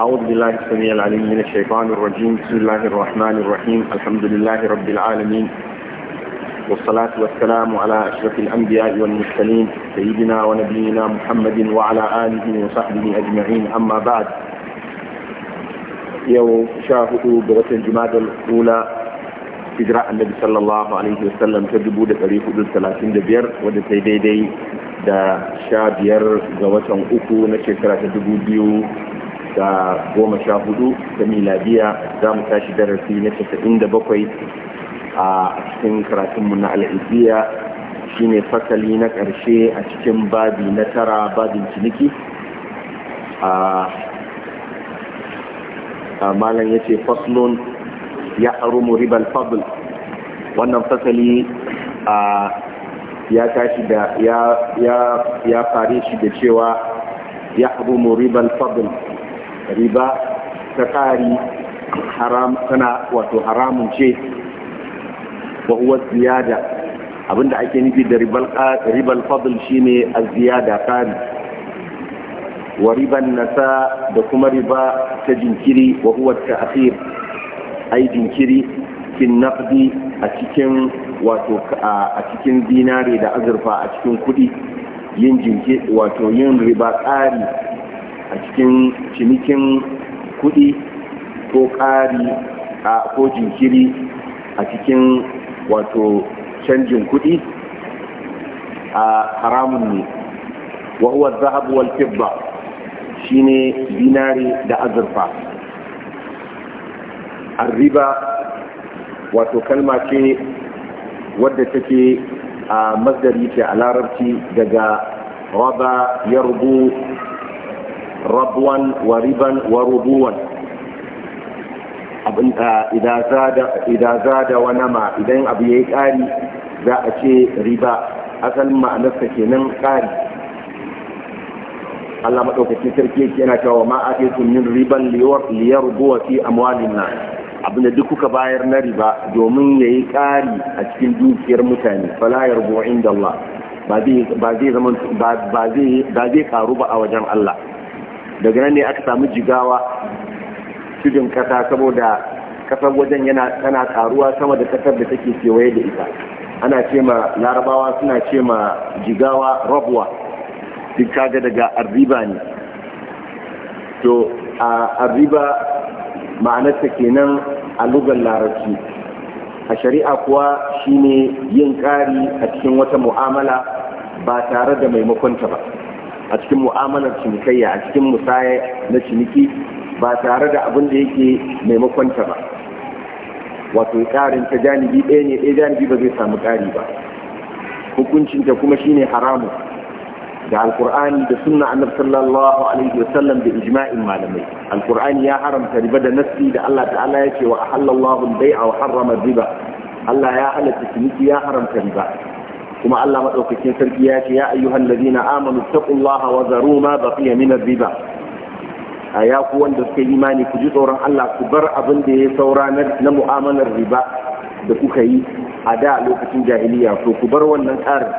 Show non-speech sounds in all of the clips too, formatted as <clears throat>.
أعوذ بالله السميع العليم من الشيطان الرجيم بسم الله الرحمن الرحيم الحمد لله رب العالمين والصلاة والسلام على أشرف الأنبياء والمرسلين سيدنا ونبينا محمد وعلى آله وصحبه أجمعين أما بعد يوم شاهدوا بغت الجماد الأولى إجراء النبي صلى الله عليه وسلم تجبوا لفريق ذو الثلاثين دبير ودسيدي دا شابير غوة أكو نشكرة تجبوا بيو da goma sha hudu da miladiya za mu tashi darasi na casa'in da bakwai a cikin karatunmu na shi shine fasali na ƙarshe a cikin babi na tara babin ciniki a malam ya ce faslon ya harumu ribal fadl wannan fasali a ya tashi da ya fare shi da cewa ya harumu ribal fadl riba ta ƙari haram tana wato haramun ce wa huwa ziyada abinda ake nufi da ribal ribal fadl shine az-ziyada ƙari wa riban nasa da kuma riba ta jinkiri wa huwa ta'khir ai jinkiri kin naqdi a cikin wato a cikin dinare da azurfa a cikin kuɗi yin jinke wato yin riba ƙari a cikin cinikin kuɗi ko ƙari ko jinkiri a cikin wato canjin kuɗi a haramun ne wa huwa zahabu wal fibba shine da azurfa arriba wato kalma ce wadda take a mazdari ce a larabci daga raba yarbu Rabuwan, wa riban wa rubuwan ah, idan zada wani ma idan abu ya yi ƙari za a ce riba asalin ma'anarsa kenan ƙari Allah maɗaukaki sarki yake yana cewa ma a kai min riban liyar buwa fi amwalin na abin da duk kuka bayar na riba domin ya yi ƙari a cikin dukiyar mutane falayar buwa inda Allah ba zai karu ba a wajen Allah daga nan ne aka samu jigawa tudun kasa saboda kasar wajen yana tana karuwa sama da kasar da take kewaye da ita ana ce ma larabawa suna ce ma jigawa rabuwa duk kaga daga arriba ne to a arriba ma'anarsa kenan a lugar larabci a shari'a kuwa shine yin ƙari a cikin wata mu'amala ba tare da maimakonta ba a cikin mu'amalar cinikayya a cikin musaya na ciniki ba tare da abin da yake maimakon ta ba wato ƙarin ta janibi ɗaya ne ɗaya janibi ba zai samu ƙari ba hukuncin ta kuma shine haramu da alkur'ani da sunna annabi sallallahu alaihi sallam da ijma'in malamai alkur'ani ya haramta riba da nassi da Allah ta'ala ya ce wa ahallallahu al-bai'a wa harrama riba Allah ya halatta ciniki ya haramta riba kuma Allah madaukakin sarki ya ce ya ayyuhal ladina amanu taqullaha wa zaru ma baqiya min riba a ya ku wanda suka yi imani ku ji tsoron Allah ku bar abin da ya saura na mu'amalar riba da kuka yi a da lokacin jahiliya to ku bar wannan tsarin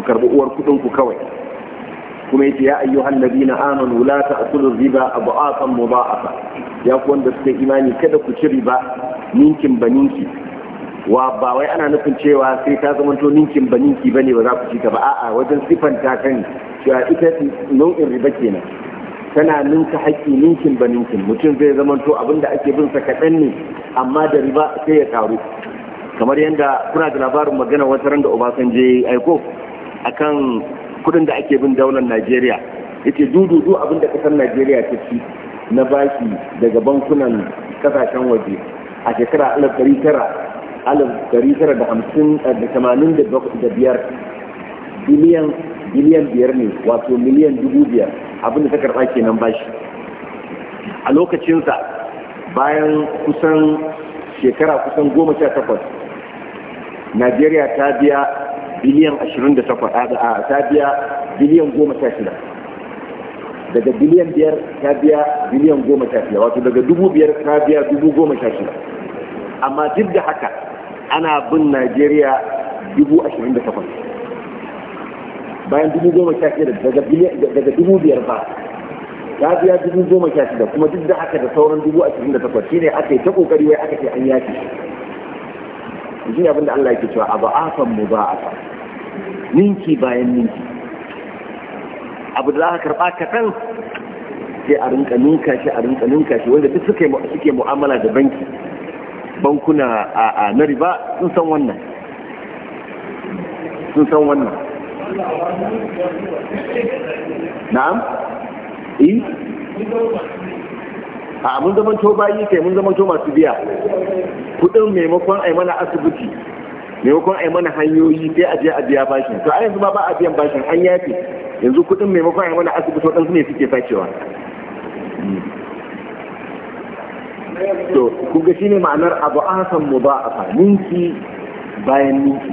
ku karbi uwar kudin ku kawai kuma yace ya ayyuhal ladina amanu la ta'kulu riba abu'atan mudha'afa ya ku wanda suka yi imani kada ku ci riba ninkin ba ninki wa ba wai ana nufin cewa sai ta zama to ninkin ba ninki bane ba za ku ci gaba a'a wajen ta kan cewa ita nau'in riba kenan tana ninka haƙƙi ninkin ba ninkin mutum zai zama to abinda ake bin sa kaɗan ne amma da riba sai ya taru. kamar yadda kuna da labarin magana wata ran da Obasanjo ya aiko akan kuɗin da ake bin daular Najeriya yace du abin da ƙasar Najeriya ta ci na bashi daga bankunan kasashen waje a shekara alaf ɗari tara alif dari tara da hamsin eh, da tamanin da biyar biliyan biliyan biyar ne wato miliyan dubu biyar abin da ta karɓa kenan bashi a lokacinsa bayan kusan shekara kusan goma sha takwas najeriya ta biya biliyan ashirin da takwas ta biya biliyan goma sha shida daga biliyan biyar ta biya biliyan goma sha shida wato daga dubu biyar ta biya dubu goma sha shida amma duk da haka ana bin najeriya takwas. bayan 2016 daga biyar ba ta biya shida kuma duk da haka da sauran dubu da takwas. shine aka yi ta kokari wai aka ce an yaki shi ne abinda Allah yake cewa a ba'afan mu fa. ninki bayan ninki abu da za ka karɓa kaɗan sai a rinka ninka shi a rinka ninka shi wanda duk suke mu'amala da banki bankuna a na riba sun san wannan sun san wannan na'am yi eh? a mun zama to bayi kai mun zama to masu biya kudin maimakon yi mana asibiti maimakon yi mana hanyoyi sai a je a biya bashin to a yanzu ba ba a biyan bashin an yafe yanzu kudin maimakon yi mana asibiti waɗansu ne suke fakewa to kun ga shine ma'anar abu ahsan a ninki bayan ninki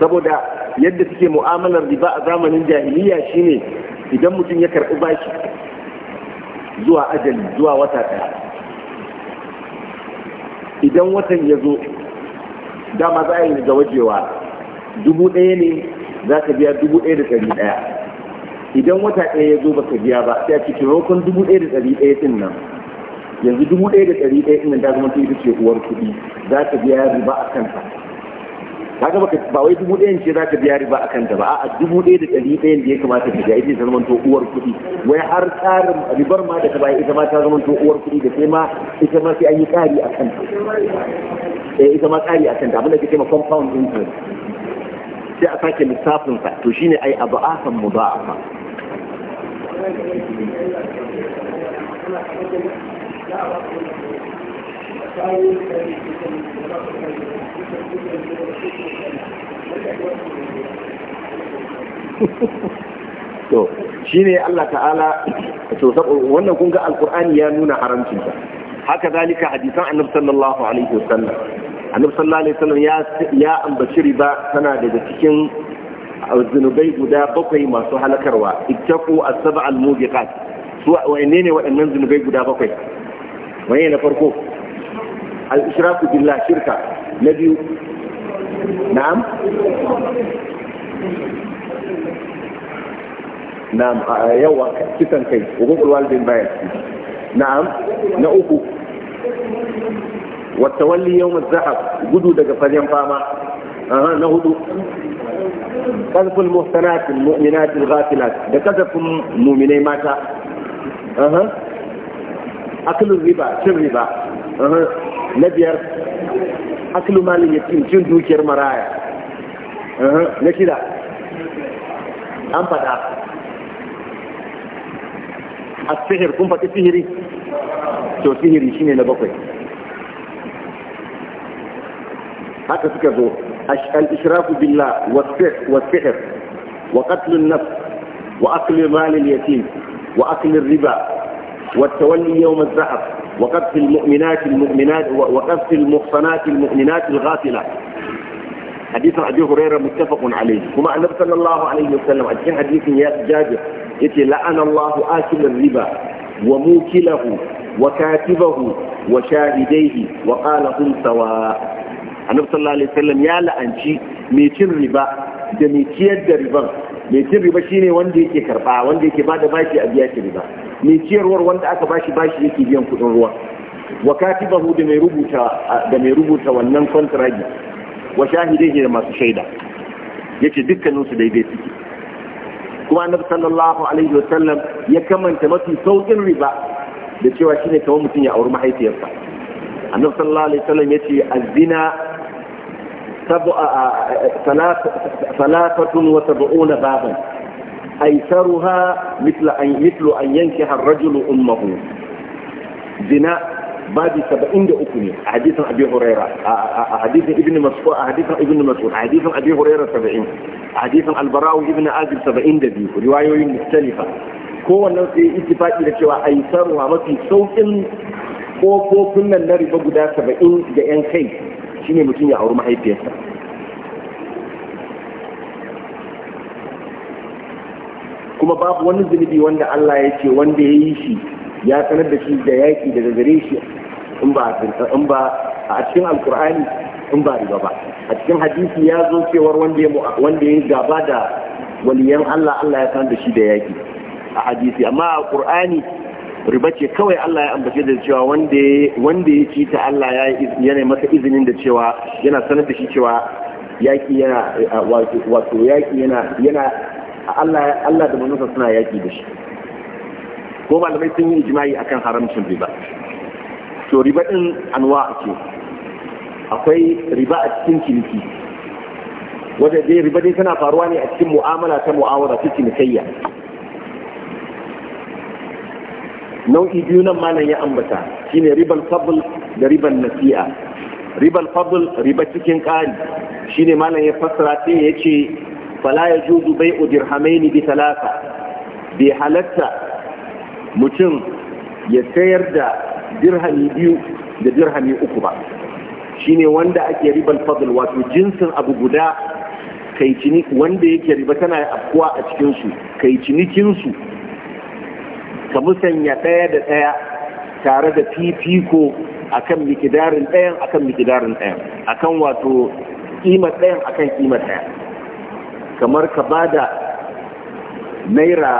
saboda yadda suke mu'amalar riba a zamanin jahiliya shine idan mutum ya karɓi bashi zuwa ajali zuwa wata ɗaya idan watan ya zo dama za a yi da wajewa dubu ɗaya ne za ka biya dubu ɗaya da ɗari ɗaya idan wata ɗaya ya zo ba ka biya ba sai a cikin rokon dubu ɗaya da ɗari ɗaya ɗin nan yanzu dubu ɗaya da ɗari ɗaya inda ta zama ta ita ce uwar kuɗi za ta biya riba a kanta kaga baka ba wai dubu ɗayan ce za ka biya riba a kanta ba a'a dubu ɗaya da ɗari ɗaya da ya kamata ta biya ita ta zama uwar kuɗi wai har tsarin ribar ma da ta baya ita ma ta zama ta uwar kuɗi da sai ma ita ma sai an yi ƙari a kanta eh ita ma ƙari a kanta abinda da ke ma compound interest sai a sake lissafinsa to shine ai abu san mu ba a <laughs> to shine Allah ta'ala to wannan kun ga alqur'ani ya nuna haramcinsa haka zalika hadisan annabi sallallahu alaihi wasallam annabi sallallahu alaihi wasallam ya ya ambaci riba tana daga cikin uh, zunubai guda bakwai masu halakarwa ittaqu as-sab'a al-mubiqat su wa ne waɗannan zunubai guda bakwai wani na farko al-ishraku billah shirka na biyu na'am na'am yawa kitan kai hukukul walidin bayan na'am na uku wata walli yau zahab gudu daga fagen fama na hudu ƙarfin muhsanatin mu'minatin ghafilat da kasafin muminai mata أكل الربا شو الربا أه. نبير أكل مال اليتيم شو دوكير مرايا أه. نكذا أم فدا السحر كم فتي سحري to sihiri shine na bakwai haka suka zo al-ishraku billah wa sihr wa qatl an-nafs wa akl mal al-yatim wa akl riba والتولي يوم الزحف وقذف المؤمنات المؤمنات وقذف المحصنات المؤمنات الغافلات حديث ابي هريره متفق عليه كما النبي صلى الله عليه وسلم اجل حديث يا جابر يتي لعن الله اكل الربا وموكله وكاتبه وشاهديه وقال هم سواء النبي صلى الله عليه وسلم يا لأنشي ميتين ربا da mai ciyar mai cin riba shine wanda yake karba wanda yake bada bashi a biya shi riba mai ciyarwar wanda aka bashi bashi yake biyan kudin ruwa wa katibahu da mai rubuta da mai rubuta wannan contract wa shahidaihi da masu shaida yace dukkanin su daidai suke kuma annabi sallallahu alaihi wa sallam ya kamanta mafi saukin riba da cewa shine kamar mutum ya auri mahaifiyarsa annabi sallallahu alaihi wa sallam yace azina ثلاثة وسبعون بابا أيسرها مثل أن مثل أن ينكح الرجل أمه زنا باب سبعين أكني حديث أبي هريرة حديث ابن مسعود حديث ابن مسعود حديث أبي هريرة سبعين حديث البراء ابن عازب سبعين دبي رواية مختلفة kowanne sai ittifaki da cewa aisarwa mafi saukin kofofin nan na riba guda saba'in da 'yan kai ne mutum ya auri mahaifiyarsa kuma babu wani zunubi wanda Allah ya ce wanda ya yi shi ya sanar da shi da yaƙi daga gare shi in ba a cikin alkur'ani in ba riba ba a cikin hadisi ya zo cewar wanda ya gaba da waliyan Allah Allah ya sanar da shi da yaƙi a hadisi amma a Alƙur'ani. riba ce kawai Allah ya ambace da cewa wanda ya ci ta Allah ya yi masa izinin da cewa yana sanar da shi cewa yaki yana wato yaki yana Allah da manufa suna yaki da shi ko malamai sun yi ijma'i akan haramcin riba to riba din anwa ce akwai riba a cikin ciniki wanda dai riba dai tana faruwa ne a cikin mu'amala ta mu'awara cikin cinikayya nau'i biyu nan malam ya ambata shine ribal fadl da ribal nasi'a ribal fadl riba cikin ƙari shine malam ya fassara sai ya ce fala ya juzu bai'u dirhamaini bi talata bai halatta mutum ya sayar da dirhami biyu da dirhami uku ba shine wanda ake ribal fadl wato jinsin abu guda kai cini wanda yake riba tana afkuwa a cikin su kai cinikin su ka musanya ɗaya da ɗaya tare da fifiko akan mikidarin ɗayan akan mikidarin ɗayan akan wato kimar ɗayan akan kimar ɗaya kamar ka ba da naira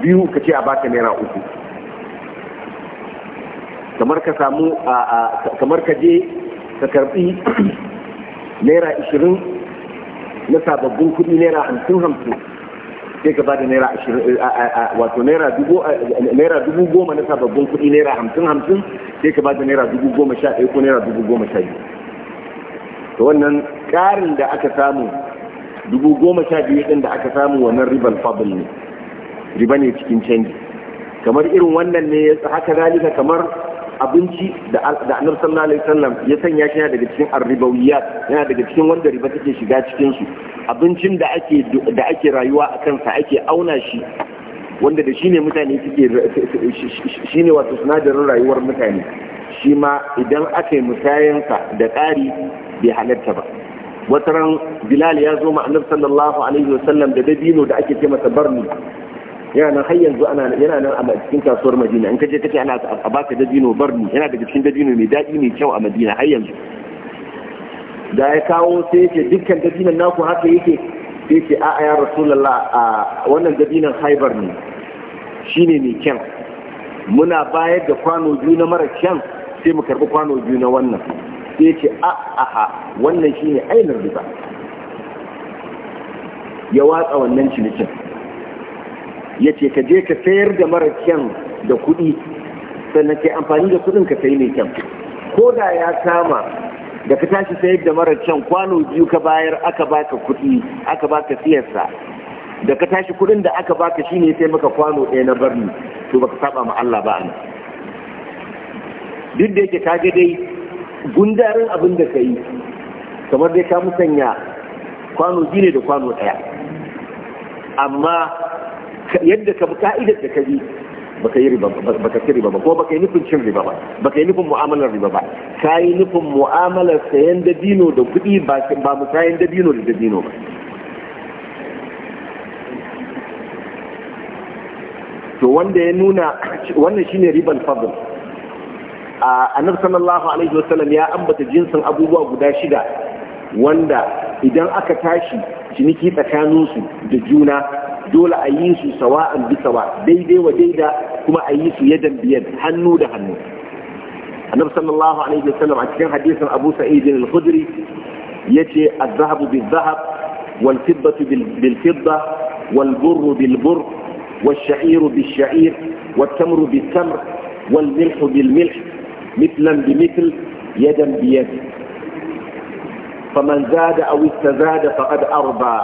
biyu ka ce a baka naira uku kamar ka samu a kamar ka je ka karbi <clears throat> naira ishirin na sababbin kuɗi naira hamsin hamsin sai ka bada naira ashirin eh, eh, eh, wato naira dubu naira dubu goma na sababbin kuɗi naira hamsin hamsin sai ka bada naira dubu goma sha ɗaya ko naira dubu goma sha biyu to wannan ƙarin da aka samu dubu goma sha biyu ɗin da aka samu wannan ribal fabul ne riba ne cikin canji kamar irin wannan ne haka zalika kamar abinci da annabi sallallahu alaihi wasallam ya sanya shi daga cikin arribawiya yana daga cikin wanda riba take shiga cikin su abincin da ake da ake rayuwa a sa ake auna shi wanda da shine mutane suke shine wato sinadarin rayuwar mutane shi ma idan aka yi musayansa da tsari bai halatta ba wataran bilal ya zo ma annabi sallallahu alaihi wasallam da dabino da ake ce masa barni yana nan har yanzu ana yana nan a cikin kasuwar Madina in ka je kace ana a baka dabino ni. yana daga cikin dabino mai daɗi mai kyau a Madina har yanzu da ya kawo sai yake dukkan dabinan naku haka yake sai yake a'a ya rasulullah a wannan dabinan haibar ne shine mai kyan muna bayar da kwano biyu na mara kyan sai mu karbi kwano biyu na wannan sai yake a'a wannan shine ainihin riba ya watsa wannan cinikin ya ce ka je ka sayar da mara kyan da kuɗi sannan ke amfani da kuɗin ka sayi mai kyan ko da ya sama da ka tashi sayar da mara kyan kwano biyu ka bayar aka baka kuɗi aka baka siyarsa da ka tashi kuɗin da aka baka shi ne sai maka kwano ɗaya na barni to baka saba ma Allah ba anan duk da yake kage dai gundarin abin da ka yi kamar dai ka musanya kwano biyu ne da kwano ɗaya amma yadda ka bi ka'idar da ka bi baka yi riba baka ci riba ba ko baka yi nufin cin riba ba baka yi nufin mu'amalar riba ba ka yi nufin mu'amalar sayan dabino da kuɗi ba ba mu sayan dabino da dabino ba to wanda ya nuna wannan shine riban fadl a annabi sallallahu alaihi wasallam ya ambata jinsin abubuwa guda shida wanda idan aka tashi ciniki tsakaninsu da juna dole a yi su sawa'an bi sawa daidai wa daida kuma a yi su yadan biyan hannu da hannu annabi sallallahu alaihi wasallam a cikin hadisin Abu Sa'id al-Khudri yace az-zahabu bil-zahab wal-fiddatu bil-fidda wal-burru bil-burr sha'ir wat والشعير بالشعير والتمر بالتمر والملح بالملح مثلا بمثل يدا بيد فمن زاد أو استزاد فقد أربى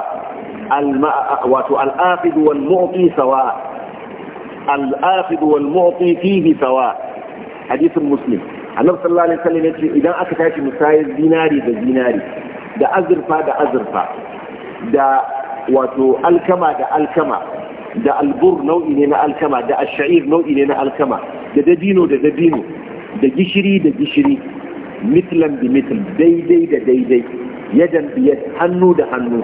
wato al'afid wal mu'ti sawa al'afid wal mu'ti fihi sawa hadisin muslim annabi sallallahu alaihi wasallam yace idan aka tashi musayar zinari da zinari da azurfa da azurfa da wato alkama da alkama da albur nau'i ne na alkama da ash'ir nau'i ne na alkama da dabino da dabino da gishiri da gishiri mitlan bi mitl daidai da daidai yadan biyar hannu da hannu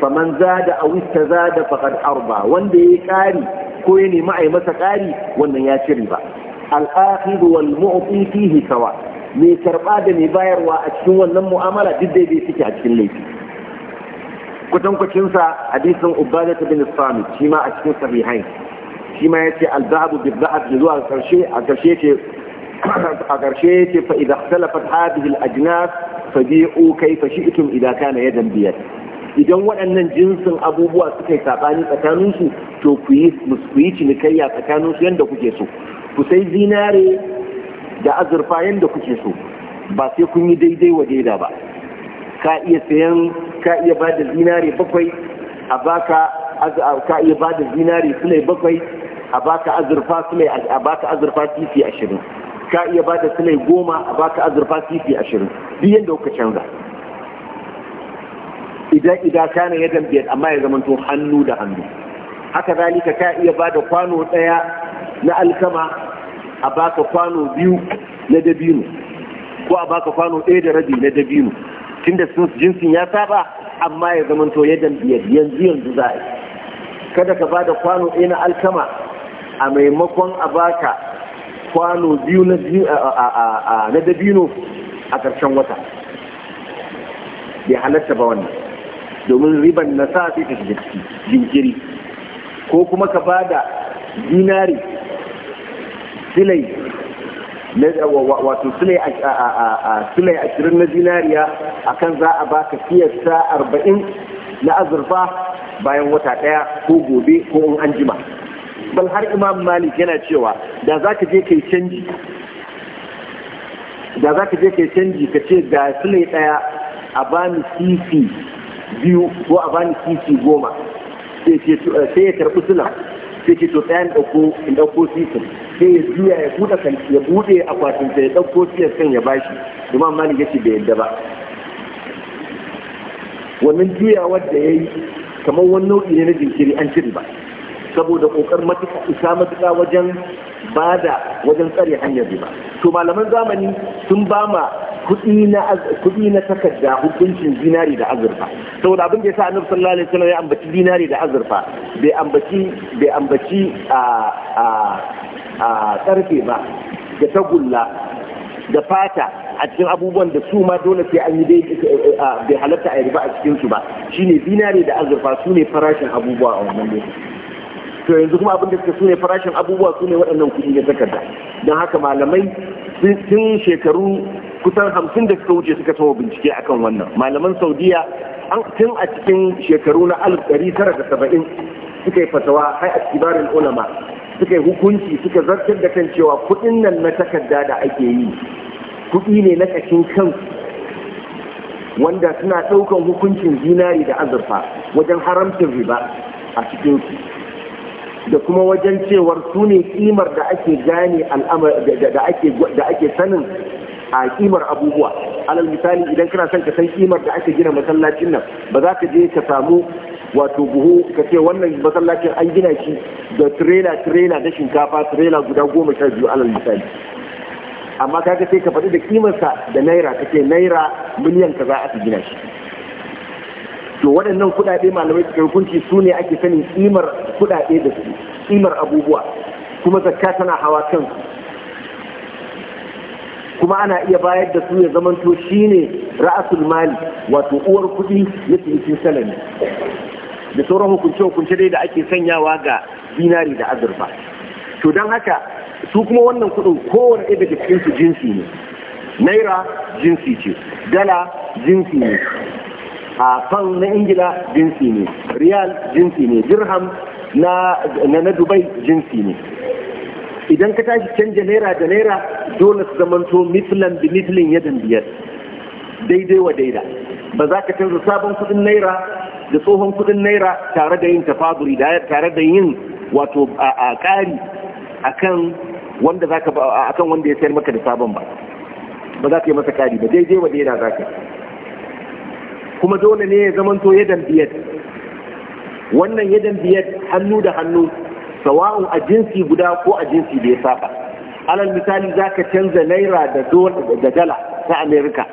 faman zada aw istazada faqad arba wanda yayi ƙari ko ya nemi yi masa kari wannan ya ci riba al wal mu'ti fihi sawa mai karba da mai bayarwa a cikin wannan mu'amala duk daidai suke a cikin laifi kwatankwacin sa hadisin ta bin samit shi ma a cikin sahihain shi ma yace al-zahabu bil-zahab zuwa karshe a karshe ce <clears throat> a karshe yace fa na ikhtalafat hadhihi al-ajnas fabi'u kayfa shi'tum idza kana yadan biyad idan waɗannan jinsin abubuwa suka yi saɓani tsakaninsu to ku yi cinikayya tsakaninsu yadda kuke so ku sai zinare da azurfa yadda kuke so ba sai kun yi daidai wa daida ba ka iya sayan ka iya ba da zinare bakwai a baka ka iya ba da zinare sulai bakwai a baka azurfa sulai a baka azurfa titi ashirin ka iya ba da sulai goma a baka azurfa titi ashirin duk yadda kuka canza idan idan kana ya dambiyar amma ya to hannu da hannu haka zalika ka iya ba da kwano ɗaya na alkama a baka kwano biyu na dabino ko a baka kwano ɗaya da rabi na dabino tunda sun jinsin ya saba amma ya to ya dambiyar yanzu yanzu za a yi kada ka ba da kwano ɗaya na alkama a maimakon a baka kwano biyu na dabino a ƙarshen wata bai halatta ba wannan domin riban na sa sai ka shiga jinkiri ko kuma ka ba da dinari silai wato silai silai ashirin na dinariya akan za a baka fiyasta arba'in na azurfa bayan wata ɗaya ko gobe ko in an jima bal har imam malik yana cewa da za ka je kai canji da za ka je kai canji ka ce ga silai ɗaya a bani sisi biyu ko a bani titi goma eh, sai ya karɓi suna sai ke to tsayan ɗauko in ɗauko titin sai ya juya ya buɗe kan ya buɗe akwatin sai ya ɗauko tiyar kan ya bashi amma ni gashi bai yadda ba wannan juya wadda ya yi kamar wani nau'i ne na jinkiri an cire ba saboda kokar matuƙa isa matuƙa wajen bada wajen tsare hanyar ba to malaman zamani sun ba ma kuɗi na takarda hukuncin zinari da azurfa saboda abin da ya sa annabi sallallahu alaihi wasallam ya ambaci zinari da azurfa bai ambaci bai ambaci a karfe ba da tagulla da fata a cikin abubuwan da su ma dole sai an yi dai bai halatta a yi ba a cikin su ba shine zinari da azurfa su ne farashin abubuwa a wannan to yanzu kuma abin da suka sune farashin abubuwa su ne waɗannan kuɗi na takarda don haka malamai tun shekaru kusan hamsin da suka wuce suka tawo bincike akan wannan malaman saudiya tun a cikin shekaru na alif ɗari tara da saba'in suka yi fatawa hai a kibarin ulama suka yi hukunci suka zartar da kan cewa kuɗin nan na takarda da ake yi kuɗi ne na ƙashin kan wanda suna ɗaukan hukuncin zinari da azurfa wajen haramcin riba a cikinsu da kuma wajen cewar su ne kimar da ake gane da ake sanin a kimar abubuwa alal misali idan kana son ka san kimar da aka gina masallacin nan ba za ka je ka samu wato buhu ka ce wannan masallacin an gina shi da tirela tirela na shinkafa tirela guda goma sha biyu alal misali amma kaga sai ka faɗi da kimarsa da naira ka ce naira miliyan ka za a gina shi to waɗannan kuɗaɗe malamai suka hukunci su ne ake sanin kimar kuɗaɗe da su kimar abubuwa kuma zakka tana hawa kansu kuma ana iya bayar da su ya zamanto shine ra'asul mali wato uwar kuɗi na cikin salami da sauran hukunce hukunce dai da ake sanyawa ga zinari da azurfa to don haka su kuma wannan kuɗin kowane ɗaya daga cikin su jinsi ne naira jinsi ce dala jinsi ne a na ingila jinsi ne riyal jinsi ne dirham na dubai jinsi ne idan ka tashi canja naira da naira dole su to mislan bi mislin yadan biyar daidai wa daida ba za ka canza sabon kudin naira da tsohon kudin naira tare da yin tafaduri tare da yin wato a ƙari akan wanda zaka akan wanda ya sayar maka da sabon ba ba za ka yi masa ƙari ba daidai wa daida za ka kuma dole ne ya to yadan biyar wannan yadan biyar hannu da hannu sawa'un a jinsi guda ko a jinsi da ya saba alal misali za ka canza naira da dala ta amerika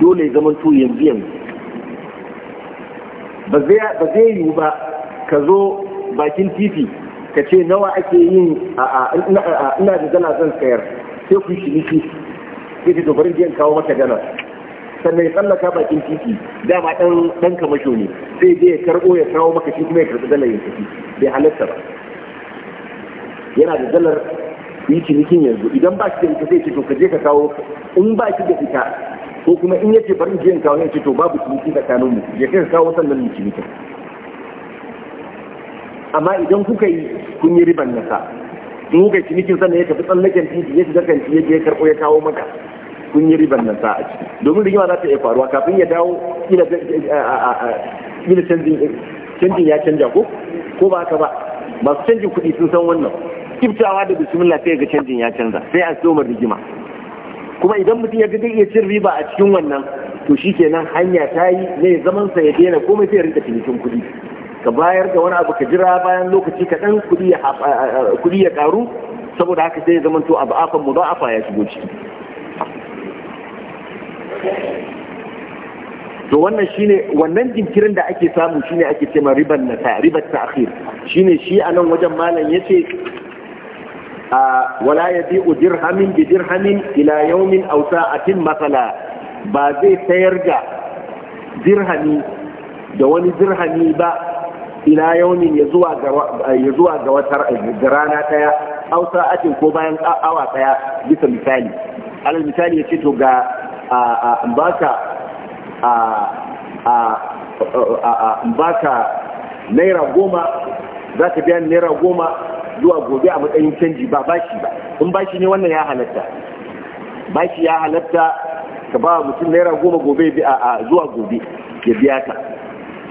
dole ya zamanto yanzu yanzu ba zai yiwu ba ka zo bakin titi ka ce nawa ake yin ina da dala zan sayar sai ku shi ciniki sai ta dogarin biyan kawo mata dala sannan ya tsallaka bakin titi dama ɗan kamasho ne sai dai ya karɓo ya kawo maka shi kuma ya karɓi dala ya tafi bai halatta ba yana da dalar yi cinikin yanzu idan ba shi da ita zai ce to kaje ka kawo in ba shi da ita ko kuma in yace bari je in kawo ne ce to babu ciniki tsakanin mu je ka kawo sannan mu cinikin amma idan kuka yi kun yi riban nasa in kuka yi cinikin sannan ya tafi tsallaken titi ya shiga kan titi ya karɓo ya kawo maka kun yi riban nan sa'a ciki domin rigima za ta iya faruwa kafin ya dawo ila eh, canjin ya canja ko ko ba haka ba masu canjin kuɗi sun san wannan kiftawa da bismillah sai ga canjin ya canza sai a soma rigima kuma idan mutum ya ga ya cin riba a cikin wannan to shi kenan hanya ta yi ne zaman sa ya daina komai sai ya rinka cinikin kuɗi ka bayar da wani abu ka jira bayan lokaci kaɗan kuɗi ya karu saboda haka sai ya zama to abu afan mu afa ya shigo ciki to wannan shine wannan jinkirin da ake samu shine ake cewa riban nasa ribat akhir shine shi a nan wajen malam yace wala yabi'u dirhamin bi dirhamin ila yawmin aw sa'atin masala ba zai sayar da dirhami da wani dirhami ba ila yawmin ya zuwa ga ya zuwa ga wata rana daya Hausa sa'atin ko bayan awa daya bisa misali alal misali yace to ga baka naira goma za ka biya naira goma zuwa gobe a matsayin canji ba bashi ba in bashi ne wannan ya halatta bashi ya halatta ka ba mutum naira goma gobe a zuwa gobe ya biya ka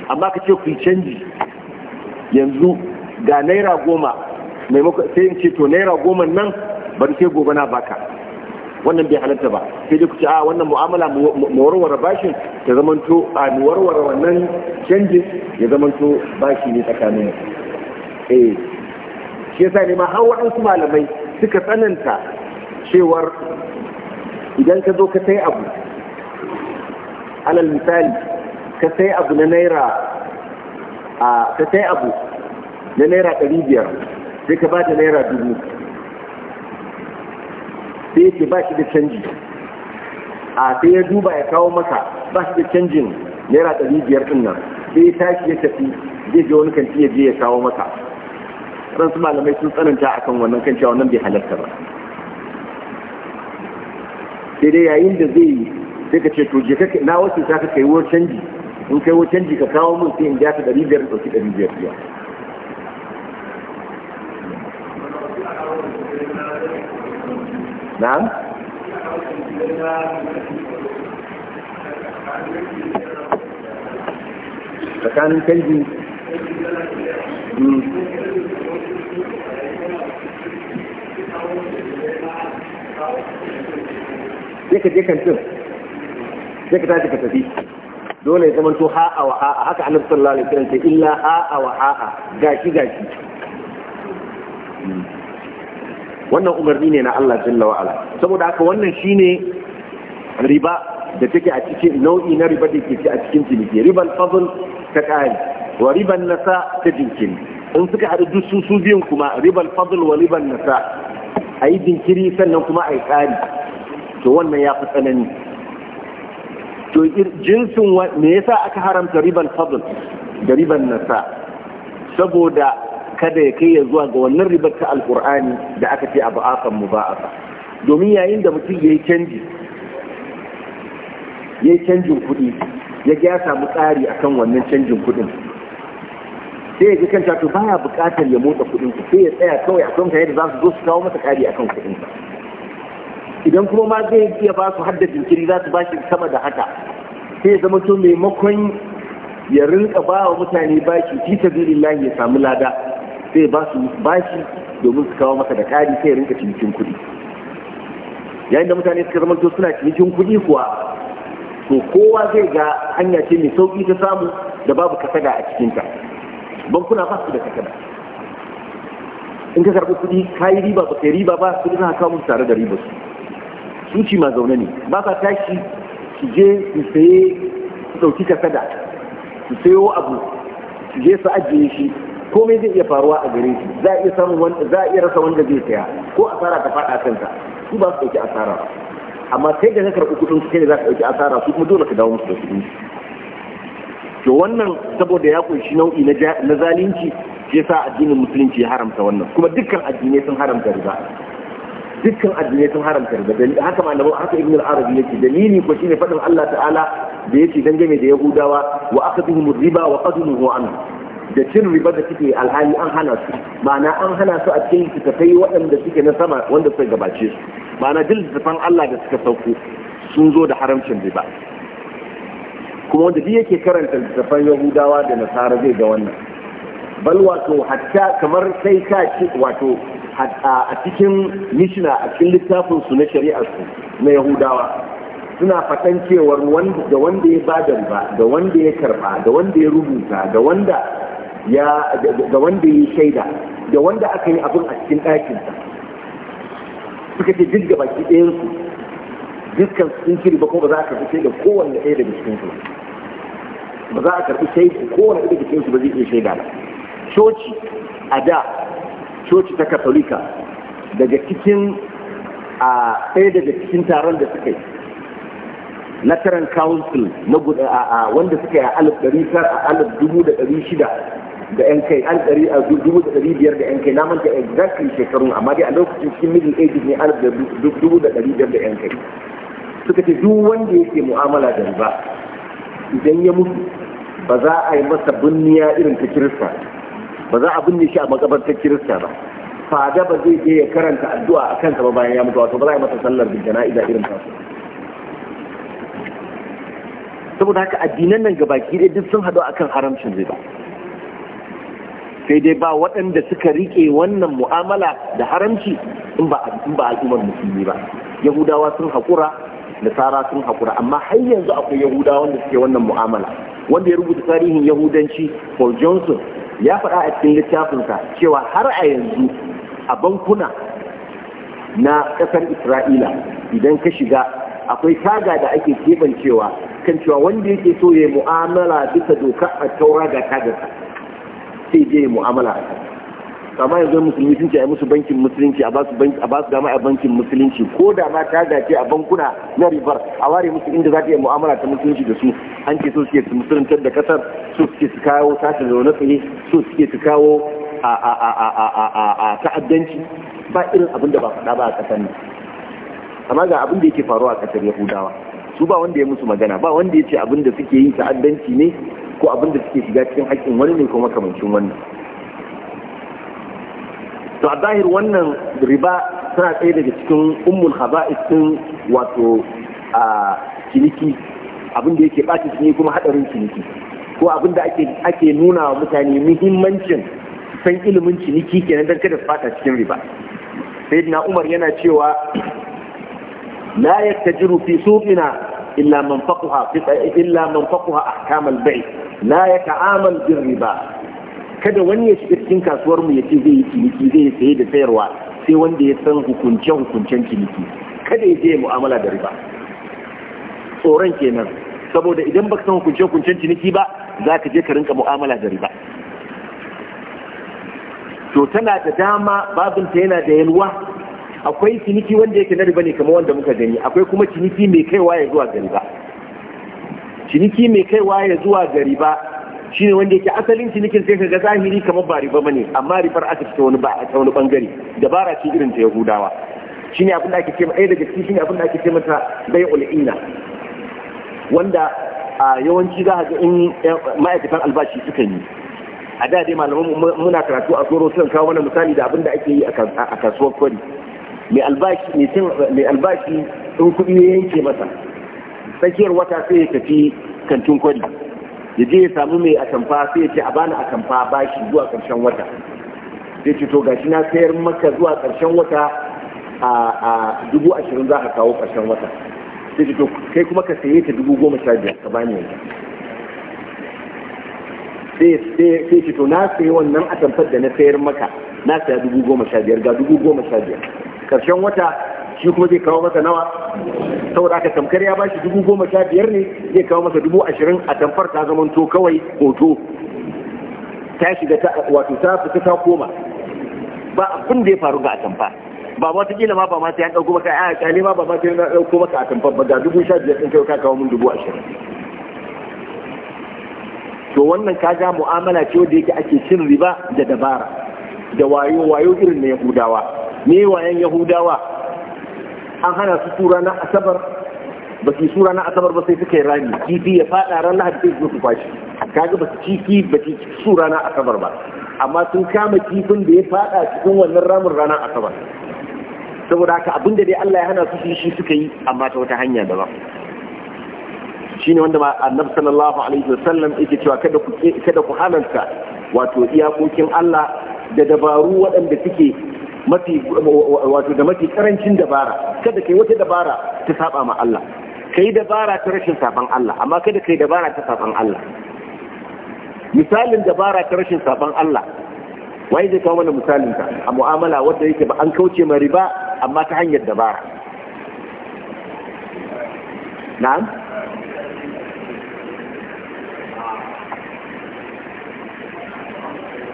amma ka ce ku canji yanzu ga naira goma maimakon sai in ce to naira goma nan bari sai gobe na baka wannan bai halatta ba sai dai ku ce a wannan mu'amala mu warware bashin ya zamanto a mu warware wannan canjin ya zamanto bashi ne tsakanin eh shi yasa ne ma har waɗansu malamai suka tsananta cewar idan ka zo ka sai abu alal misali ka sai abu na naira a ka sai abu na naira ɗari biyar sai ka ba da naira dubu sai yake ba shi da canji a sai ya duba ya kawo maka ba shi da canjin naira ɗari biyar ɗin nan sai ya tashi ya tafi zai je wani kanti ya je ya kawo maka waɗansu malamai sun tsananta a kan wannan kan cewa wannan bai halarta ba sai dai yayin da zai yi sai ka ce to je ka na wace ta kai wo canji in kai wo canji ka kawo mun sai in ja ta ɗari biyar ɗauki ɗari biyar biya na'am tsakanin canji hmm. sai ka je kantin sai ka tashi ka tafi dole ya zamanto ha'a wa ha'a haka annabi sallallahu alaihi wasallam ce illa ha'a wa ha'a gashi gashi wannan umarni ne na Allah jalla wa ala saboda haka wannan shine riba da take a cikin nau'i na riba da ke a cikin ciniki riban fadl ta kai wa riban nasa ta jinkiri in suka haɗu duk su su biyun kuma riban fadl wa riban nasa a yi jinkiri sannan kuma a yi ƙari to wannan ya fi tsanani to jinsin me yasa aka haramta riban fadl da riban nasa saboda kada ya kai ya zuwa ga wannan ribar ta alkur'ani da aka ce abu akan mu ba domin yayin da mutum ya yi canji ya yi canjin kuɗi ya gyasa ya samu tsari akan wannan canjin kuɗin sai ya ga kanta to baya buƙatar ya motsa kuɗin ku sai ya tsaya kawai a kan ka yadda za su zo su kawo masa ƙari akan kuɗin ka idan kuma ma zai iya ba su hadda jinkiri za su ba shi sama da haka sai ya zama to maimakon ya rinka ba wa mutane bashi fi ya samu lada sai ba su bashi domin su kawo masa da kari sai ya rinka cinikin kuɗi yayin da mutane suka zama to suna cinikin kuɗi kuwa to kowa zai ga hanya ce mai sauƙi ta samu da babu kasada a cikinta bankuna ba su da takada in ka karɓi kuɗi ka yi riba ba ka yi riba ba kuɗi na kawo musu tare da riba su su ci ma zaune ne ba ka tashi su je su saye su ɗauki takada su sayo abu su je su ajiye shi komai zai iya faruwa a gare shi za a iya samun wanda za a iya rasa wanda zai saya ko asara ta faɗa kanka su ba su ɗauki asara amma kai da ka karɓi kuɗin su kai ne za ka ɗauki asara su kuma dole ka dawo musu da kuɗin su to wannan saboda ya kunshi nau'i na zalunci shi sa addinin musulunci ya haramta wannan kuma dukkan addinai sun haramta riba dukkan addinai sun haramta riba haka malamin haka ibn al-arabi yake dalili ko shine fadin Allah ta'ala da yake dangane da yahudawa wa akaduhum riba wa qadumuhu an da cin riba da suke alhali an hana su ma'ana an hana su a cikin littattafai waɗanda suke na sama wanda suka gabace su ma'ana duk Allah da suka sauko sun zo da haramcin riba kuma wanda duk yake karanta littattafan yahudawa da nasara zai ga wannan bal wato hatta kamar sai ka ci wato a cikin mishina a cikin littafin su na shari'ar su na yahudawa suna fatan cewar da wanda ya ba da riba da wanda ya karba da wanda ya rubuta da wanda ya da wanda ya shaida da wanda aka yi abin a cikin ɗakinsa suka ce duk ɗayan su, dukkan sun shiri ba ko ba za ka fice da kowanne ɗaya daga cikin su ba za a karɓi sai kowane daga cikin su ba zai iya shaida ba coci a da coci ta katolika daga cikin a ɗaya daga cikin taron da suka yi lateran council na a wanda suka yi a alif ɗari tar a alif dubu da ɗari shida da yan kai alif ɗari a dubu da ɗari biyar da yan kai na manta exactly shekarun amma dai a lokacin cikin middle ages ne alif dubu da ɗari biyar da yan kai suka ce duk wanda yake mu'amala da riba idan ya mutu ba za a yi masa binniya irin ta kirista ba za a binne shi a makabartar kirista ba fada ba zai je ya karanta addu'a a kansa ba bayan ya mutu wato ba za a yi masa sallar bin jana'iza irin ta saboda haka addinan nan gabaki dai duk sun haɗu akan haramcin riba sai dai ba waɗanda suka riƙe wannan mu'amala da haramci in ba al'ummar musulmi ba yahudawa sun haƙura nasara sun haƙura amma har yanzu akwai yahudawa wanda suke wannan mu'amala wanda ya rubuta tarihin yahudanci paul johnson ya faɗa a cikin littafinsa cewa har a yanzu a bankuna na ƙasar isra'ila idan ka shiga akwai taga da ake keɓancewa kan cewa wanda yake so ya yi mu'amala bisa doka a taura ga tagarsa sai je mu'amala a kama yanzu musulmi sun ce a musu bankin musulunci a ba su dama a bankin musulunci ko da ma ta dace a bankuna na ribar a ware musu inda za ta yi mu'amala ta musulunci da su an ce so suke su musuluntar da kasar so suke su kawo tashi zaune tsaye so suke su kawo a ta'addanci ba irin abin da ba faɗa ba a ƙasar ne amma ga abin da yake faruwa a ƙasar yahudawa su ba wanda ya musu magana ba wanda ya ce abin da suke yi ta'addanci ne ko abin da suke shiga cikin haƙƙin wani ne ko makamancin wannan to a zahir wannan riba suna ɗaya daga cikin umul haba'is din wato a ciniki abin da yake ɓaci ciniki kuma haɗarin ciniki ko abin da ake nuna wa mutane muhimmancin san ilimin ciniki kenan don kada su fata cikin riba na umar yana cewa la yattajiru fi suqina illa man faqaha illa man faqaha ahkam al-bay' la riba kada wani ya shiga cikin kasuwar mu ya ce zai yi ciniki zai da sayarwa sai wanda ya san hukunce hukuncen ciniki kada ya je mu'amala da riba tsoron kenan saboda idan baka san hukunce hukuncen ciniki ba za ka je ka rinka mu'amala da riba to tana da dama babinta yana da yalwa akwai ciniki wanda yake na riba ne kamar wanda muka gani akwai kuma ciniki mai kaiwa ya zuwa ga riba ciniki mai kaiwa ya zuwa ga riba shine wanda yake asalin cinikin sai ga zahiri kamar ba riba bane amma rifar aka fita wani ba ta wani bangare dabara ce irin ta yahudawa shine abin da ake ce ɗaya daga cikin shi abin da ake ce mata bai'ul ina wanda a yawanci za ga in eh, ma'aikatan albashi suka yi a da dai malaman muna karatu a tsoro sukan kawo mana misali da abin da ake yi a kasuwar kwari mai albashi in kuɗi ya yanke masa tsakiyar wata sai ya tafi kantin kwari ya je ya samu mai akamfa sai ya ce a bani ba bashi zuwa ƙarshen wata sai ce to gashi na sayar maka zuwa ƙarshen wata a dubu ashirin za ka kawo ƙarshen wata sai ce to kai kuma ka saye ta dubu goma sha biyar ka bani yanzu sai ce to na sayi wannan atamfar da na sayar maka na saya dubu goma sha biyar ga dubu goma sha biyar ƙarshen wata shi kuma zai kawo masa nawa saboda aka tamkar ya bashi dubu goma sha biyar ne zai kawo masa dubu ashirin a tamfar ta to kawai hoto ta shiga wato ta fita ta koma ba abin da ya faru ga atamfa ba ma ta kila ma ba ma sai an dauko maka a kyale ma ba ma sai an dauko maka atamfa ba ga dubu sha biyar din kai ka kawo mun dubu ashirin to wannan kaga mu'amala ce wanda yake ake cin riba da dabara da wayo wayo irin na yahudawa me wayan yahudawa an hana su tura na asabar ba su sura na asabar ba sai suka yi rami kifi ya fada ran lahadi sai su kwashi kaga ba su kifi ba su sura na asabar ba amma sun kama kifin da ya fada cikin wannan ramin ranar asabar saboda haka abin da dai Allah ya hana su shi suka yi amma ta wata hanya daban shine wanda annabi sallallahu alaihi wasallam yake cewa kada ku kada ku halanta wato iyakokin Allah da dabaru waɗanda suke mafi wato da mafi karancin dabara kada ka yi wata dabara ta saba ma Allah yi dabara ta rashin saban Allah amma kada ka yi dabara ta saban Allah misalin dabara ta rashin saban Allah wai zai kawo mana misalin ta a mu'amala wanda yake ba an kauce ma riba amma ta hanyar dabara na'am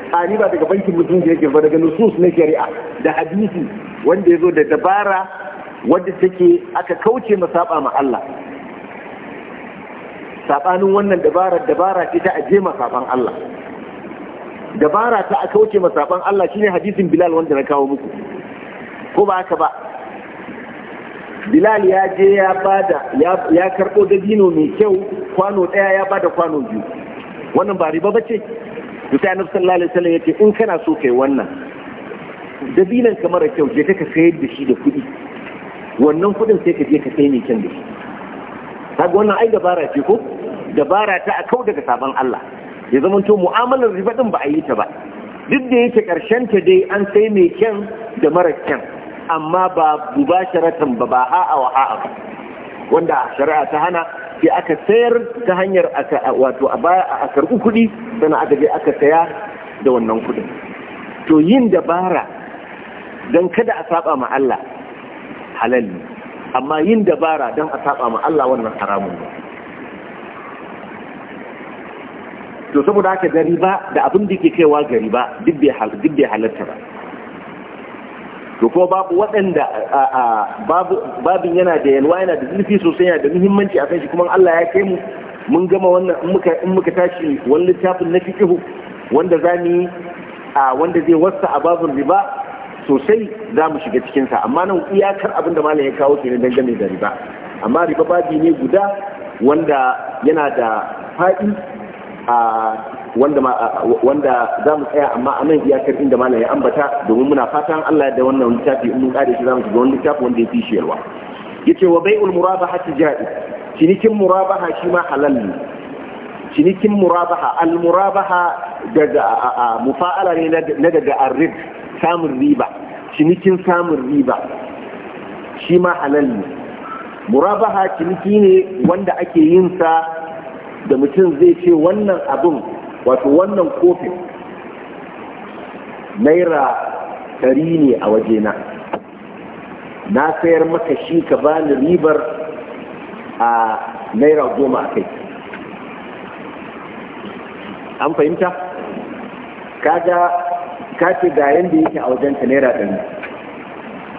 a ni daga bankin mutum da yake ba daga nusus na shari'a da hadisi wanda ya zo da dabara wadda take aka kauce ma saba ma Allah sabanin wannan dabara dabara ce ta aje ma saban Allah dabara ta a kauce ma saban Allah shine hadisin Bilal wanda na kawo muku ko ba haka ba Bilal ya je ya bada ya karbo dabino mai kyau kwano daya ya bada kwano biyu wannan ba riba bace to sai Annabi sallallahu alaihi wasallam yace in kana so kai wannan dabinan kamar kyau je ka sayar da shi da kuɗi wannan kuɗin sai ka je ka kai mai kyan da shi kaga wannan ai dabara ce ko dabara ta a kau daga sabon Allah ya zama to mu'amalar riba din ba a yi ta ba duk da yake karshen ta dai an sai mai kyan da mara kyan amma ba mubasharatan ba ba a'a wa a'a ba wanda shari'a ta hana sai aka sayar ta hanyar wato a baya a karɓi kuɗi sannan aka je aka saya da wannan kuɗin to yin dabara don kada a saba ma Allah halal ne amma yin dabara don a saba ma Allah wannan haramun ne to saboda haka gari ba, da abin da ke kaiwa gari ba duk bai halatta ba to ko babu waɗanda babin yana da yalwa yana da zurfi sosai yana da muhimmanci a kan shi kuma Allah ya kai mu mun gama wannan in muka tashi wani littafin na fiqhu wanda za mu wanda zai wasa a babin riba sosai za mu shiga cikinsa amma nan iyakar abin da malam ya kawo ke na dangane da riba amma riba babi ne guda wanda yana da faɗi a wanda za mu tsaya amma a nan iyakar inda malam ya ambata domin muna fatan Allah da wannan littafi in mun kare shi za mu shiga wani littafi wanda ya fi shiyarwa yace wa bai'ul murabaha tijari cinikin murabaha shi ma halal ne cinikin murabaha al murabaha daga mufa'ala ne na daga arrib samun riba cinikin samun riba shi ma halal ne murabaha ciniki ne wanda ake yin sa da mutum zai ce wannan abin wato wannan kofin naira ɗari ne a wajena na sayar maka shi ka bani ribar a naira goma a kai an fahimta kaga ka ce ga yanda yake a wajen naira ɗari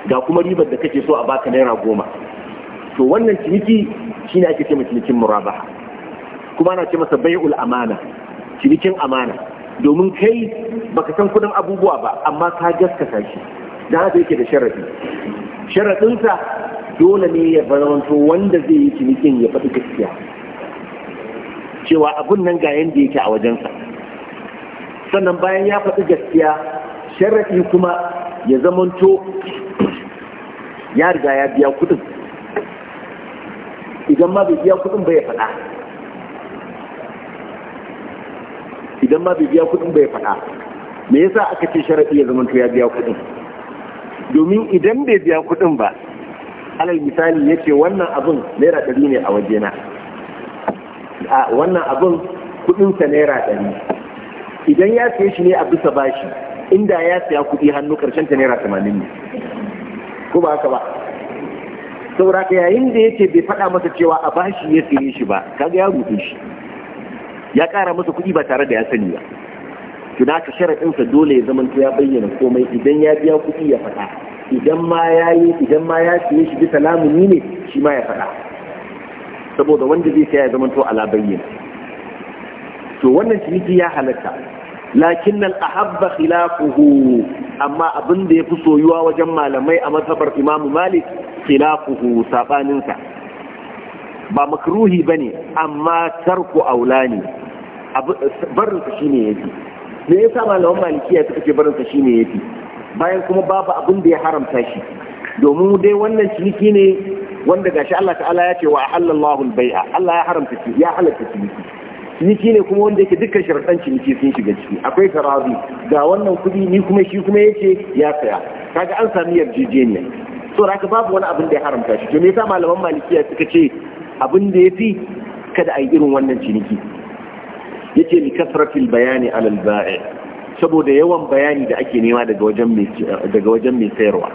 ga kuma ribar da kake so a baka naira goma to wannan ciniki shi shine ake ce cinikin muraba kuma ana ce masa bai'ul amana cinikin amana domin kai ba ka san kudin abubuwa ba amma ka gaskata shi dan haka yake da sharadi Sharafinsa dole ne ya zamanto wanda zai yi cinikin ya faɗi gaskiya cewa abun nan ga yanda yake a wajensa sannan bayan ya faɗi gaskiya sharaɗi kuma ya zamanto ya riga ya biya kuɗin idan ma bai biya kuɗin bai faɗa idan ma bai biya kudin bai faɗa me yasa aka ce sharaɗi ya zamanto ya biya kuɗin domin idan bai biya kuɗin ba alal misali ya ce wannan abin naira ɗari ne a wajena a wannan abin kuɗinsa naira ɗari idan ya siya shi ne a bisa bashi inda ya siya kuɗi hannu ƙarshen ta naira tamanin ne ko ba haka ba saboda ka yayin da yake bai faɗa masa cewa a bashi ya siya shi ba kaga ya rufe shi ya ƙara masa kuɗi ba tare da ya sani ba tuna ka dole ya zama ya bayyana komai idan ya biya kuɗi ya faɗa idan ma ya yi idan ma ya siya shi bisa lamuni ne shi ma ya faɗa saboda wanda zai siya ya zama to ala bayyana to wannan ciniki ya halatta lakin nan habba khilafuhu amma abin da ya fi soyuwa wajen malamai a masabar imamu malik khilafuhu saɓaninsa ba makruhi ba ne amma tarku aula ne barinsa shi ne ya fi me ya sa malaman malikiya suka ce barinsa shi ne ya fi bayan kuma babu abin da ya haramta shi domin dai wannan ciniki ne wanda gashi Allah ta'ala ya ce wa halallahu al-bai'a Allah ya haramta ya halatta ciniki ciniki ne kuma wanda yake dukkan sharaɗan ciniki sun shiga ciki akwai tarazi ga wannan kuɗi ni kuma shi kuma yake ya saya kaga an sami yarjejeniya so aka babu wani abin da ya haramta shi to me yasa malaman malikiya suka ce abin da ya fi kada a yi irin wannan ciniki yace li kasratil bayani alal ba'i saboda yawan bayani da ake nema daga wajen mai sayarwa